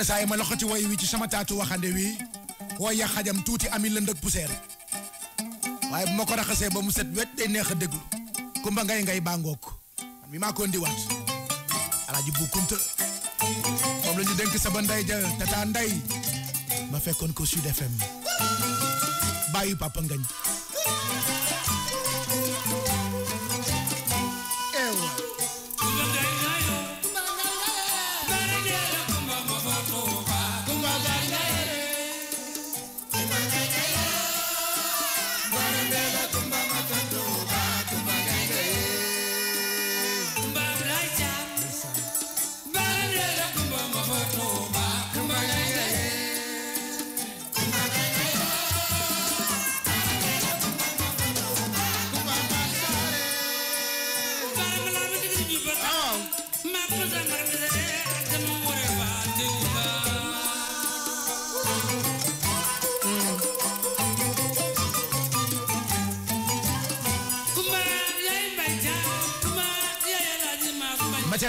yenn saa ma loxati way wi ci sama taatu waxande wi woy ya xajam tuuti ami lënd ak poussière waaye bu ma ko raxasee ba mu set wet day neex a déglu kumba ngay ngay bàngook mi maa ko ndiwaat ji bu kunta moom la ñu dénk ba nday ja tata nday ma fekkoon ko Sud FM bàyyi papa ngañ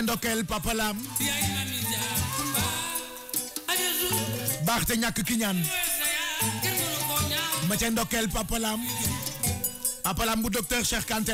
te ndokkeel papa lam baax te ñàkk ki ñaan ma bu docteur Cheikh Kanté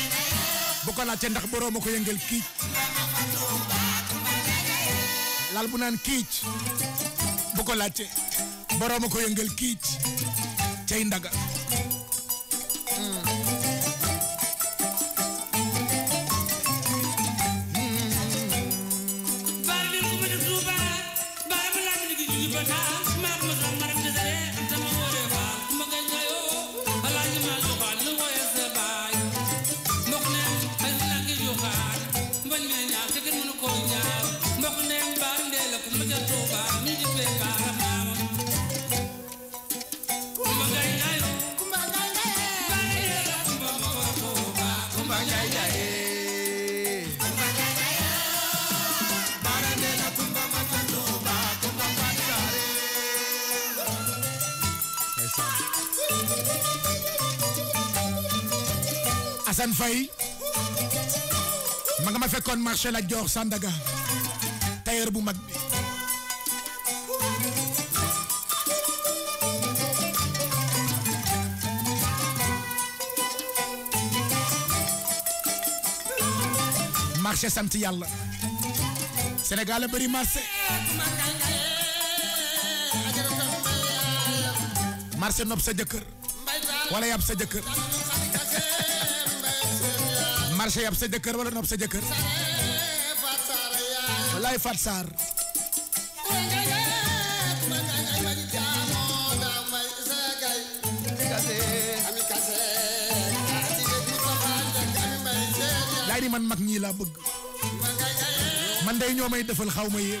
bu laajte ndax boroom a ko yëngal kiic lal bu naan kiic bu ko laajte boroom a ko yëngal kiic cay ndaga Assane Faye ma nga ma fekkoon marché la joor Sandaga bu mag sant yàlla Sénégal a bëri wala yàpp sa jëkkër marché yab sa jëkkër wala nopp sa jëkkër man mag laa bëgg man day ñoo may defal xaw ma yéen.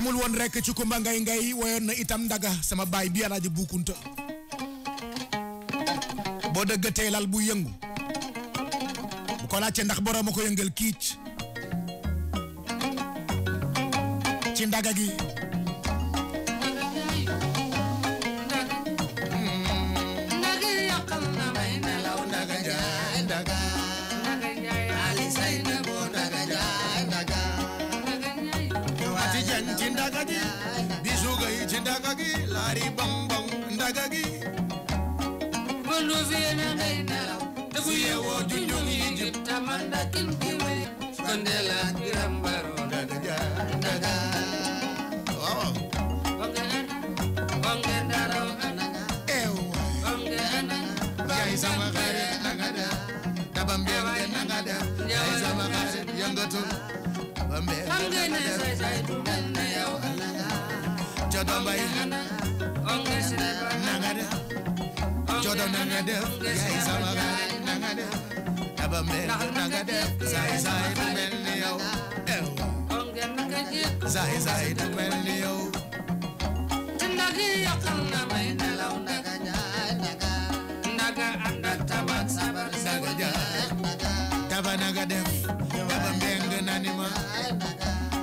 yamul woon rek ci kumba ngay ngay woyoon na itam ndaga sama baay bi alaaji buukunta boo dëggatee lal bu yëngu bu ko laajte ndax borom ko yëngal kiic ci ndaga gi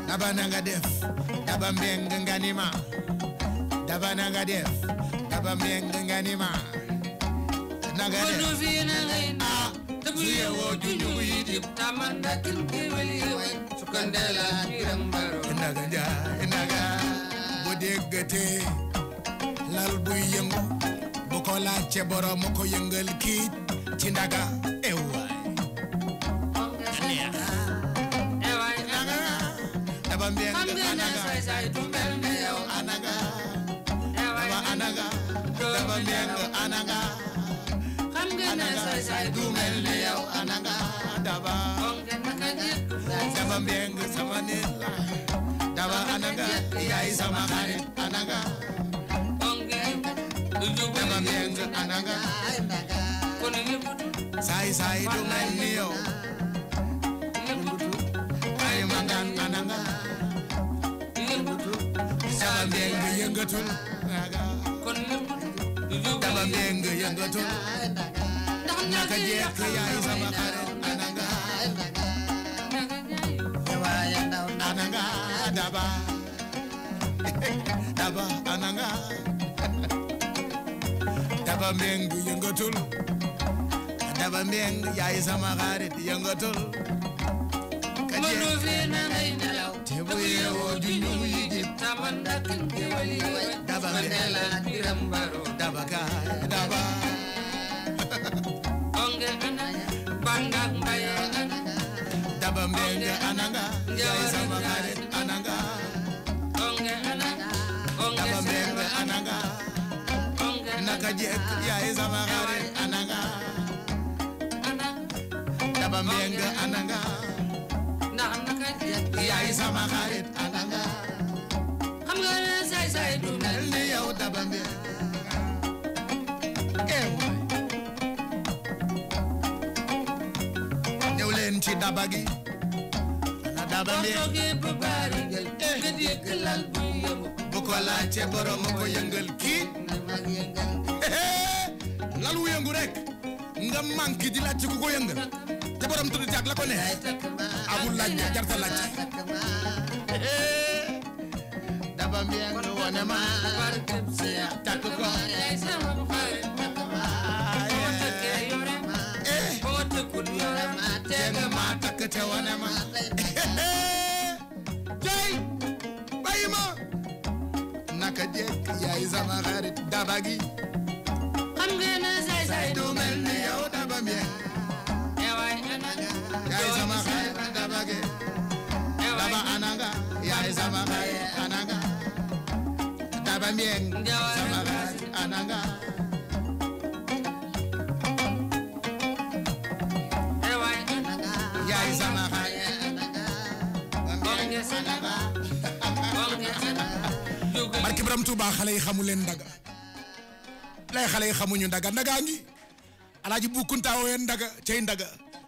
daba na nga def daba mbeng nga ni ma daba na nga def daba mbeng nga ni ma na nga def ah su yeewoo juñu yi di amanda kin kéwél yi way sukkandela kiram baro naga njaay naga bu déggatee lal buy yëngu bu ko laajte borom ko yëngal kiit ci ndaga mbengu samanela daba anaga yai samahare anaga onge daba mbengu anaga sai sai dungan niyo kai mangan anaga daba mbengu yengatul daba mbengu yengatul nakaje yai samahare ananga daba daba ananga daba meng yengotul daba meng yaay sama xarit yengotul manu feel na ngay tebu yewo di ñu yi di taman dakin wali daba mandela diram daba ka daba onge ana bangang baye Ombenga ananga, Jaisa magare ananga. Onge ananga, onge Ombenga ananga. Onge nakajek, Jaisa magare ananga. Ombenga ananga. Na nakajek, Jaisa magare ananga. I'm gonna say say do na le ya utabambe. Ewa. New len chi dabagi. taabande bu baar yëngal nga dégg lal bu yëngu bu ko laajte borom ko yëngal kii lal wu yëngu rek nga manqué di laajte ko yëngal te borom tudd jàkk la ko neex amul laajte jarta laajte daba mbiya ko wone ma barke seex takk ko kete wanema jai bayima nakajek ya izama gari dabagi amgena zai zai dumel ne yau dabamye ya izama gari dabage daba ananga ya izama gari ananga dabamye ananga barki Bram Touba xalé yi xamu len ndaga lay xalé yi ñu ndaga ndagaa ngi alaaji bu kuntaawee ndaga cey ndaga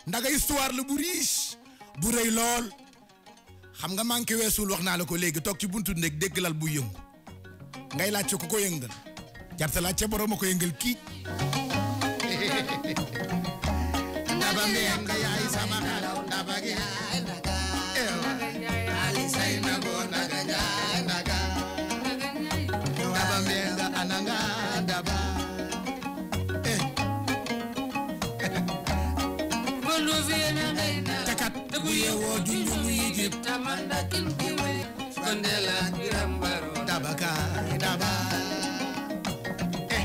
ndaga histoire le bu riche bu reuy lol xam nga manqué wessul wax naa la ko léegi tok ci buntu nek dégg lal bu yëngu ngay laajte ku ko yëngal la ci borom ko yëngal ki ndaba nga yaay sama xalaw ndaba gi amanda kinkiwe kondela girambaro dabaka daba eh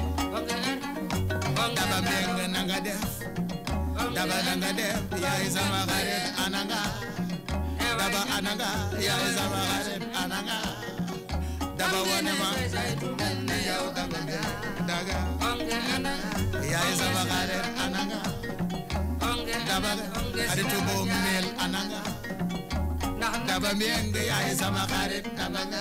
daba beng nanga def daba nanga def ya izama gare ananga daba ananga ya izama gare ananga daba wanema ya ukanga daga ya izama gare ananga daba ari tubo mel ananga Kaba mienga ya isa makarib kabanga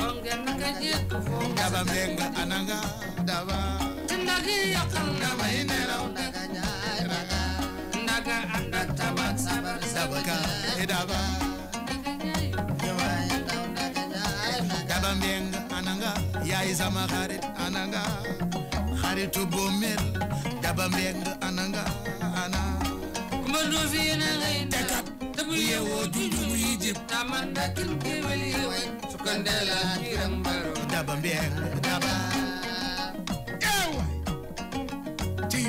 Ongen kaji kufung Kaba mienga ananga daba Tindagi yakal nama inera undaganya Daga Daga anda tabat sabar sabaka Daba Kaba mienga ananga ya isa makarib ananga Haritu bomil Kaba mienga ananga Ana Kumbadu vina ngayin Dekat yewo dudugu yijib tamanda kin kewel yewo sukandela kiram baro daba mbien daba yewo ti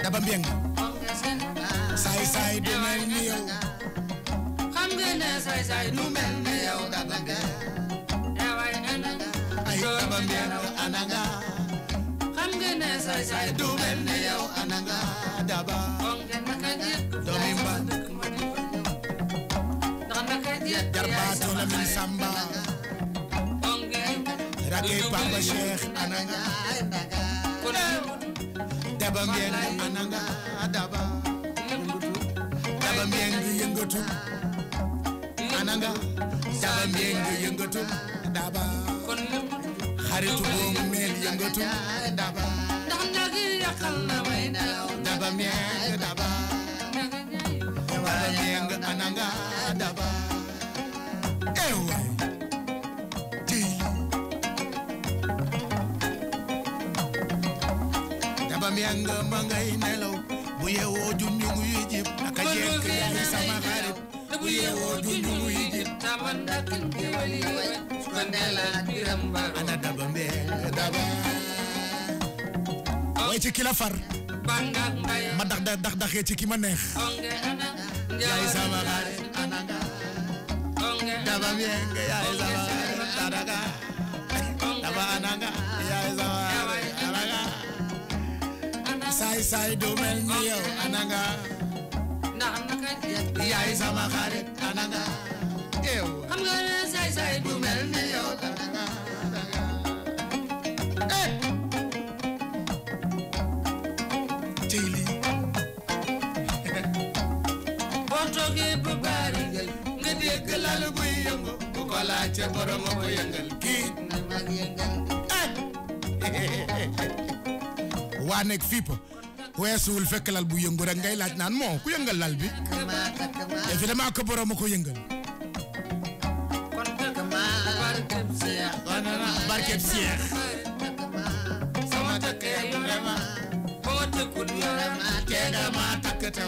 Da mbien sai sai do mel ni yow xam nga ne da sai nu mel ni yow da nga ay ne sai sai du men daba, yau ananga daba domin ba garba tola min samba rake papa sheikh ananga daba ngeen ananga daba daba ngeen yëngatu ananga daba daba xaritu boobu meen daba nga ma ngay nelaw bu yeewoo jun ñu ngi yijib naka jekk yaay sama xarit bu yeewoo jun ñu ngi yijib taman dakin ki wali way su ko nelaat biram ba ana daba mbee daba waaye ci ki la far ma dax dax daxee ci ki ma neex yaay sama xarit yaay sama tadaka ananga yaay sama ananga yaay sama xarit ananga yow xam nga saay saay du mel ca borom a ko yëngal kii waa nekk fiip weesuwul fekk lal bu yëngu ngay laaj naan moo ku yëngal lal bi évidemment que borom a ko yëngal barkeb Seex sama takk yàlla ma boo tëkkul yàlla ma tee dama takk te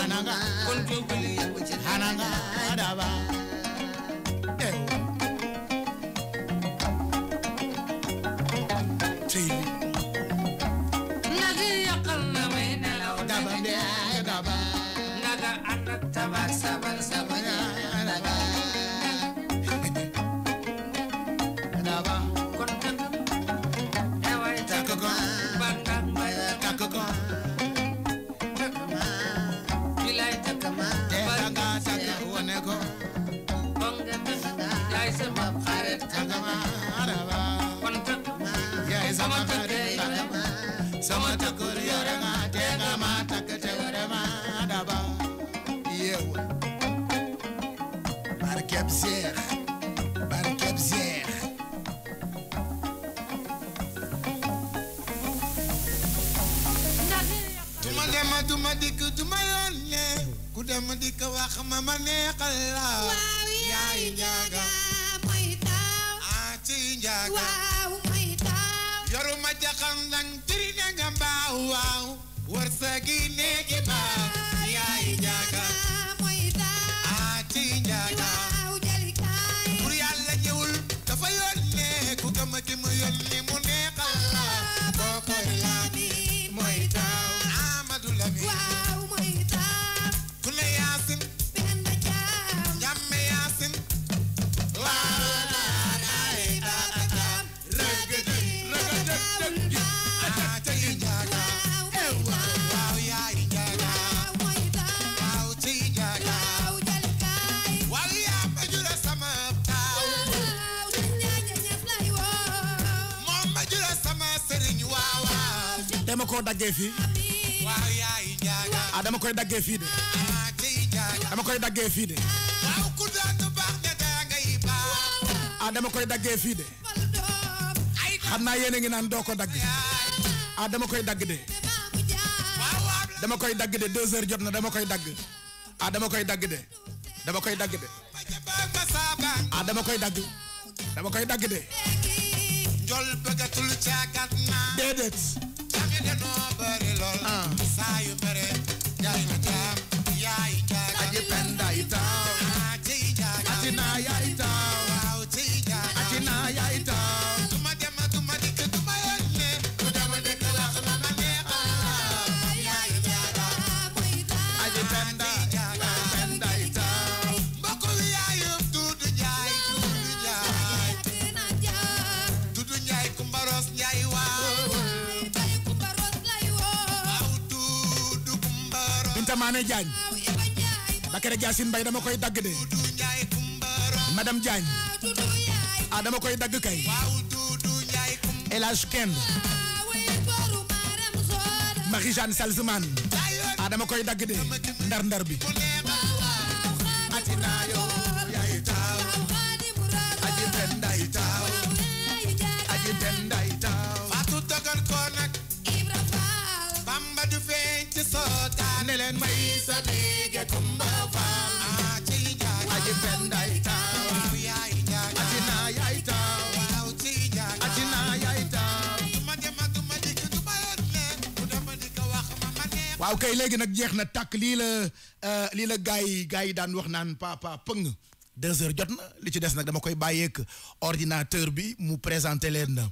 ananga ananga daba koo daggee fii ah dama koy daggee fii de dama koy daggee fii de ah dama koy daggee fii de xam naa yéen a ngi naan doo ko dagg ah dama koy dagg de dama koy dagg de deux heures jot na dama koy dagg ah dama koy dagg de dama koy dagg de ah dama koy dagg dama koy dagg de. déedéet. bari lool saa yu bare jaay na jaam yaay jaaga aji penda itam aji jaaga aji naa yaay Mané Diagne Bakary Diassine Mbaye dama koy dagg de madame Diagne ah dama koy dagg kay El Hadj Kend Marie-Jeanne Salzman ah dama koy dagg de waaw kay léegi nag jeex na tàkk lii la euh, lii la gars yi gars yi daan wax naan papa pëng deux heures jot na li ci des nag dama koy bàyyeek ordinateur bi mu présenté leen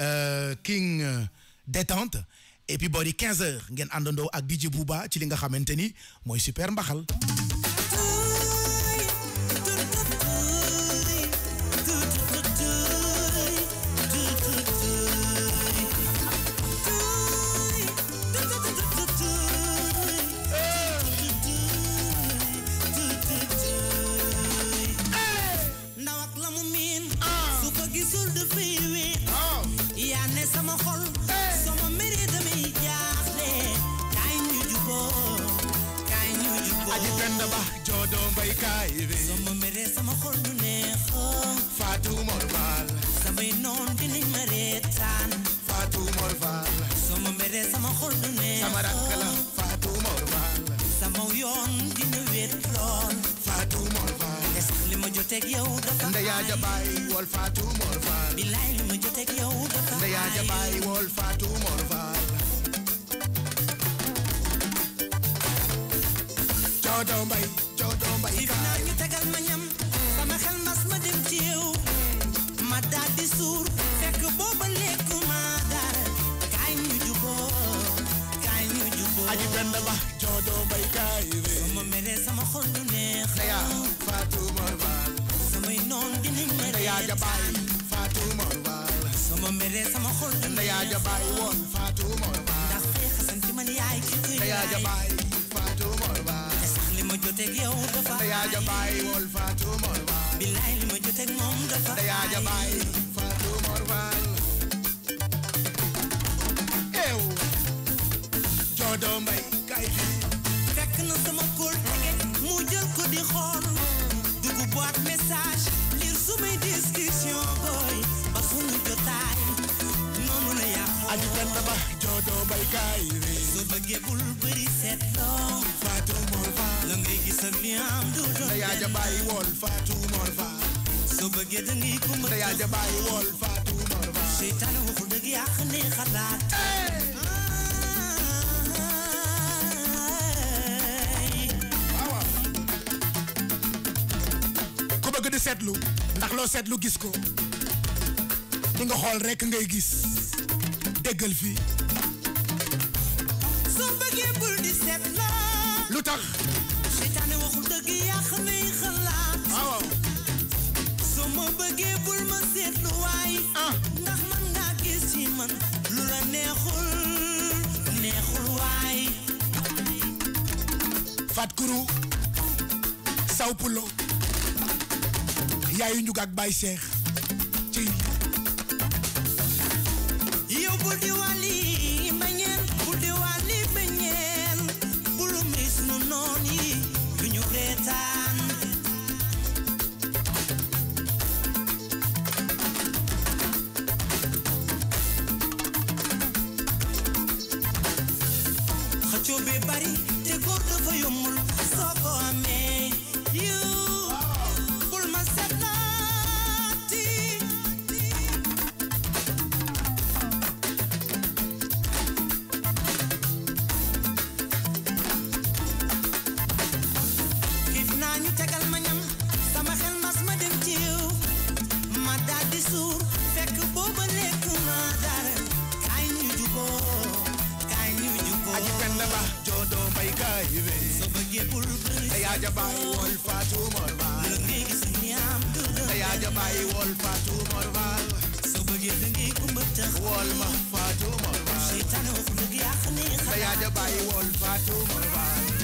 euh, King Détente et puis boori heures ngeen àndandoo ak DJ Bouba ci li nga xamante ni mooy super mbaxal sambay kaay bi soo ma meree sama xol du neexoo Fatou Mor Fall ma reetaan Fatou Mor sama yoon dina wéet lool Fatou Mor Fall li ma joteeg yow dafa wool Fatou Mor Fall tegal ma ñam sama xel mas ma dem ci yow ma daal di suur fekk booba lekku ma dara kaay ñu juboo kaay ñu juboo aji benn la bay kaay ree sama mere sama xol du neex yaa Fatou Morval samay noon mere sama xol du neex yaa jabaay woon Fatou Morval ndax xëy xasan ci man yaay ci kër yaay ma joteeg yow dafa li ma joteeg moom dafa ay yaa ja bàyyi Fatou Mor Fall mbay kay fi fekk na sama kóol tege mu jël di xool dugg boîte message lire sumay description boy ba suñu jotaay noonu la yàqoo aji ba noo doo baykaay wi soo bëggee bul bëri seetloo Fatou Mor Fall la ngay gis ak li am du doon da yaa ja bàyyi woon Fatou Mor Fall soo bëggee da ngay ko mën da yaa ja bàyyi woon Fatou Mor Fall seytaane waxul dëgg yàq ne xalaat ku bëgg di seetlu ndax loo seetlu gis ko di nga xool rekk ngay gis déggal fii lu tax seytaane waxul dëgg yàq nay xalaat ah, soo ma bëggee bul ma seetlu waay ah. ndax man nga gis ci man lu la neexul neexul waay fat kuru saw pulo yaayu njug baay seex ci yaaja bàyyi wol Fatou Mor Fall. lu ngay gis ni am du doon. yaaja bàyyi wol Fatou Mor Fall. soo bëggee da ngay kumba tax. wol ma Fatou Mor Fall. seytaane waxul ak yàq ne xalaat. yaaja bàyyi wol Fatou Mor Fall.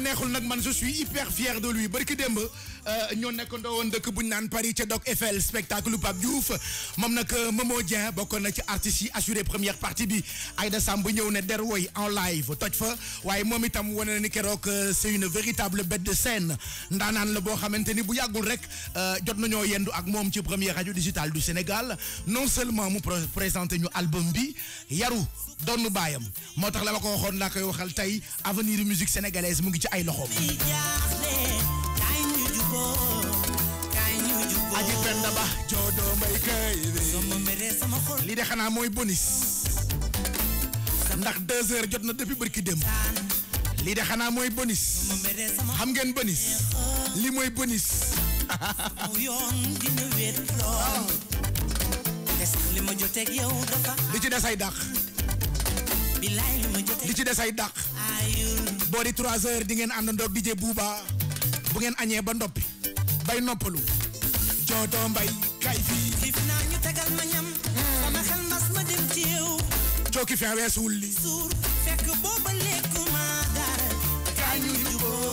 neexul nag man je suis hyper fier de lui barki démb euh, ñoo nekkandoo woon dëkk bu ñu naan Paris ca Doc Eiffel spectacle pap Diouf moom nag euh, Momo Dieng bokkoon na ci artiste yi assuré première partie bi Aïda Samb ñëw ne der woy en live toj fa waaye moom itam ni keroog euh, c'est une véritable bête de scène ndaanaan le boo xamante ni bu yàggul rek jot nañoo yendu ak moom ci première radio digitale du Sénégal non seulement mu présenté ñu album bi yaru doon bayam baayam moo tax la ma ko waxoon laa koy waxal tey avenir musique sénégalaise mu ngi ci ay loxoom. aji penda lii de xanaa mooy bonus ndax deux jot na depuis bërki démb lii de xanaa mooy bonus xam ngeen bonus lii mooy bonus li ci des ay dàq li ci des ay dàq boori trois heures di ngeen àndandoog DJ Bouba bu ngeen añee ba ndoppi bay noppalu jooto mbay kay fii xiif naa ñu tegal ma ñam hmm. sama mas ma dem ci cooki fi weesuwul li suur fekk booba lekkuma dara kaay ñu juboo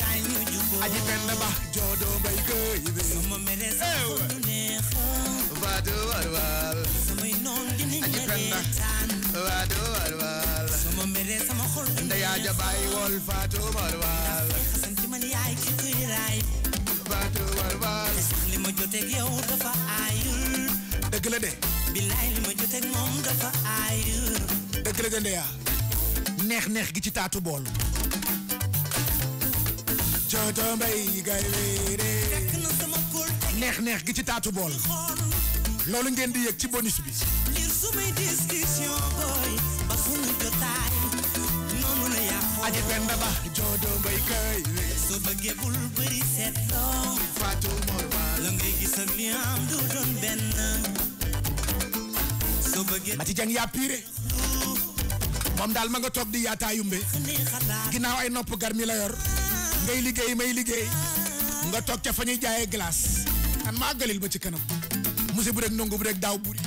kaay ñu juboo aji pend ba jooto mbay kay bi sama mere du neex waado warwal samay noon ma mere sama xol du neex ndeyaa jabaay wol faatu warwal yaay li ma joteeg yow dafa aayul dëgg la de neex neex gi ci taatu bool cooto mbay neex neex gi ci taatu bool loolu ngeen di yëg ci bonus bi liir sumay discussion boy ba fu ñu jotaay aji penda ba joodo mbay kay soo bëggee bul bëri seetloo Fatou Mor ba la Jang yaa moom daal ma nga toog di yaataayumbe ginnaaw ay nopp garmi la yor ngay liggéey may liggéey nga toog ca fa ñuy jaayee glace an ma ba ci kanam monsieur bu rek nongu bu rek daaw buri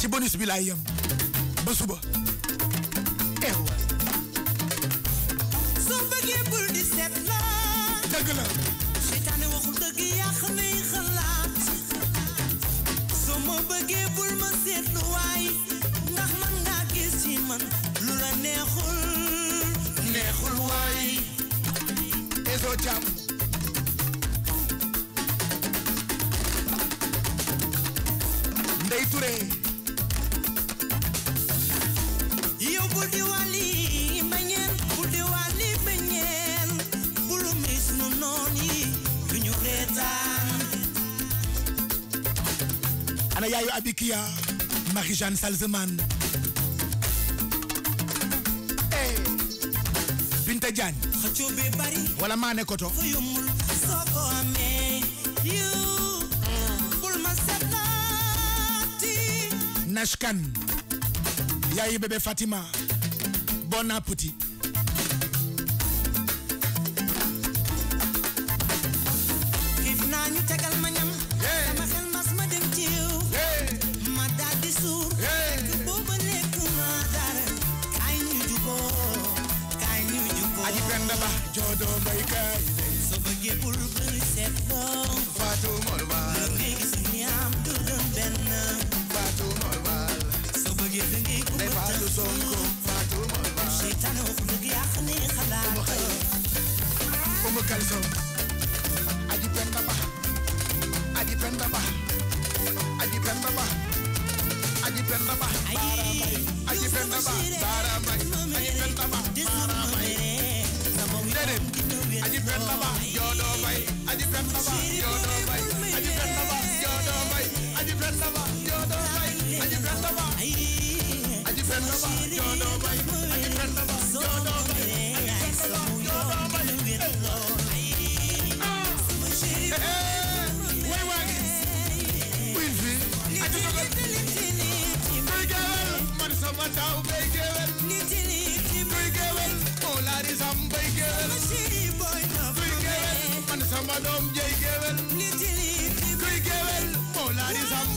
ci bonus bi laay yem ba suba regulars. Kia Marie-Jeanne Salzeman Binta Diagne wala Mané Koto Nashkan Yayi bébé Fatima bon different lover, you're the you're Hey,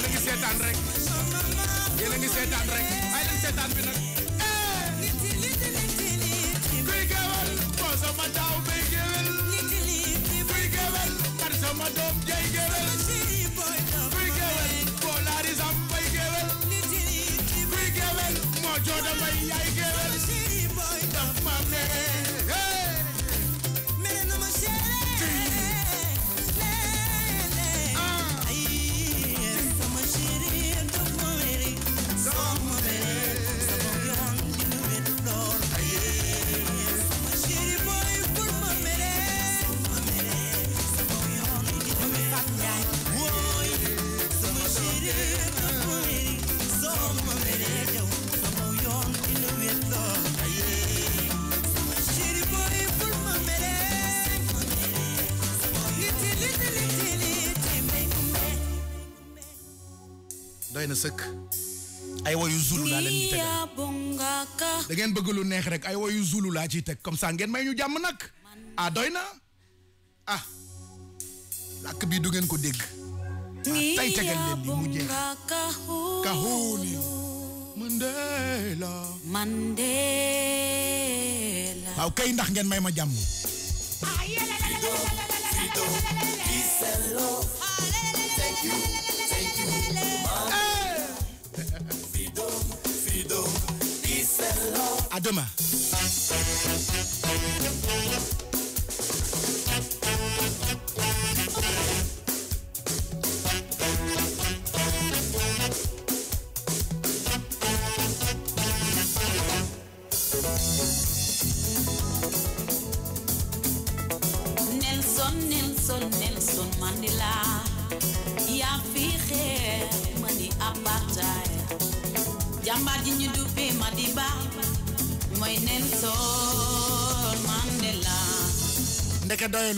yéen a ngi seetaan rek yéen a ngi seetaan rek ay leen seetaan bi nag. Eh! kuy gëwal koo sama doy na sëkk ay woyu zulu laa leen di teg da ngeen bëgg lu neex rek ay woyu zulu laa ciy teg comme ça ngeen may jàmm nag ah doy na ah bi du ngeen ko dégg tay mu jeex kahuni Mandela kay ndax ngeen may ma jàmm À demain. jàmbaar ji ñu duppee Madiba mooy Nelson Mandela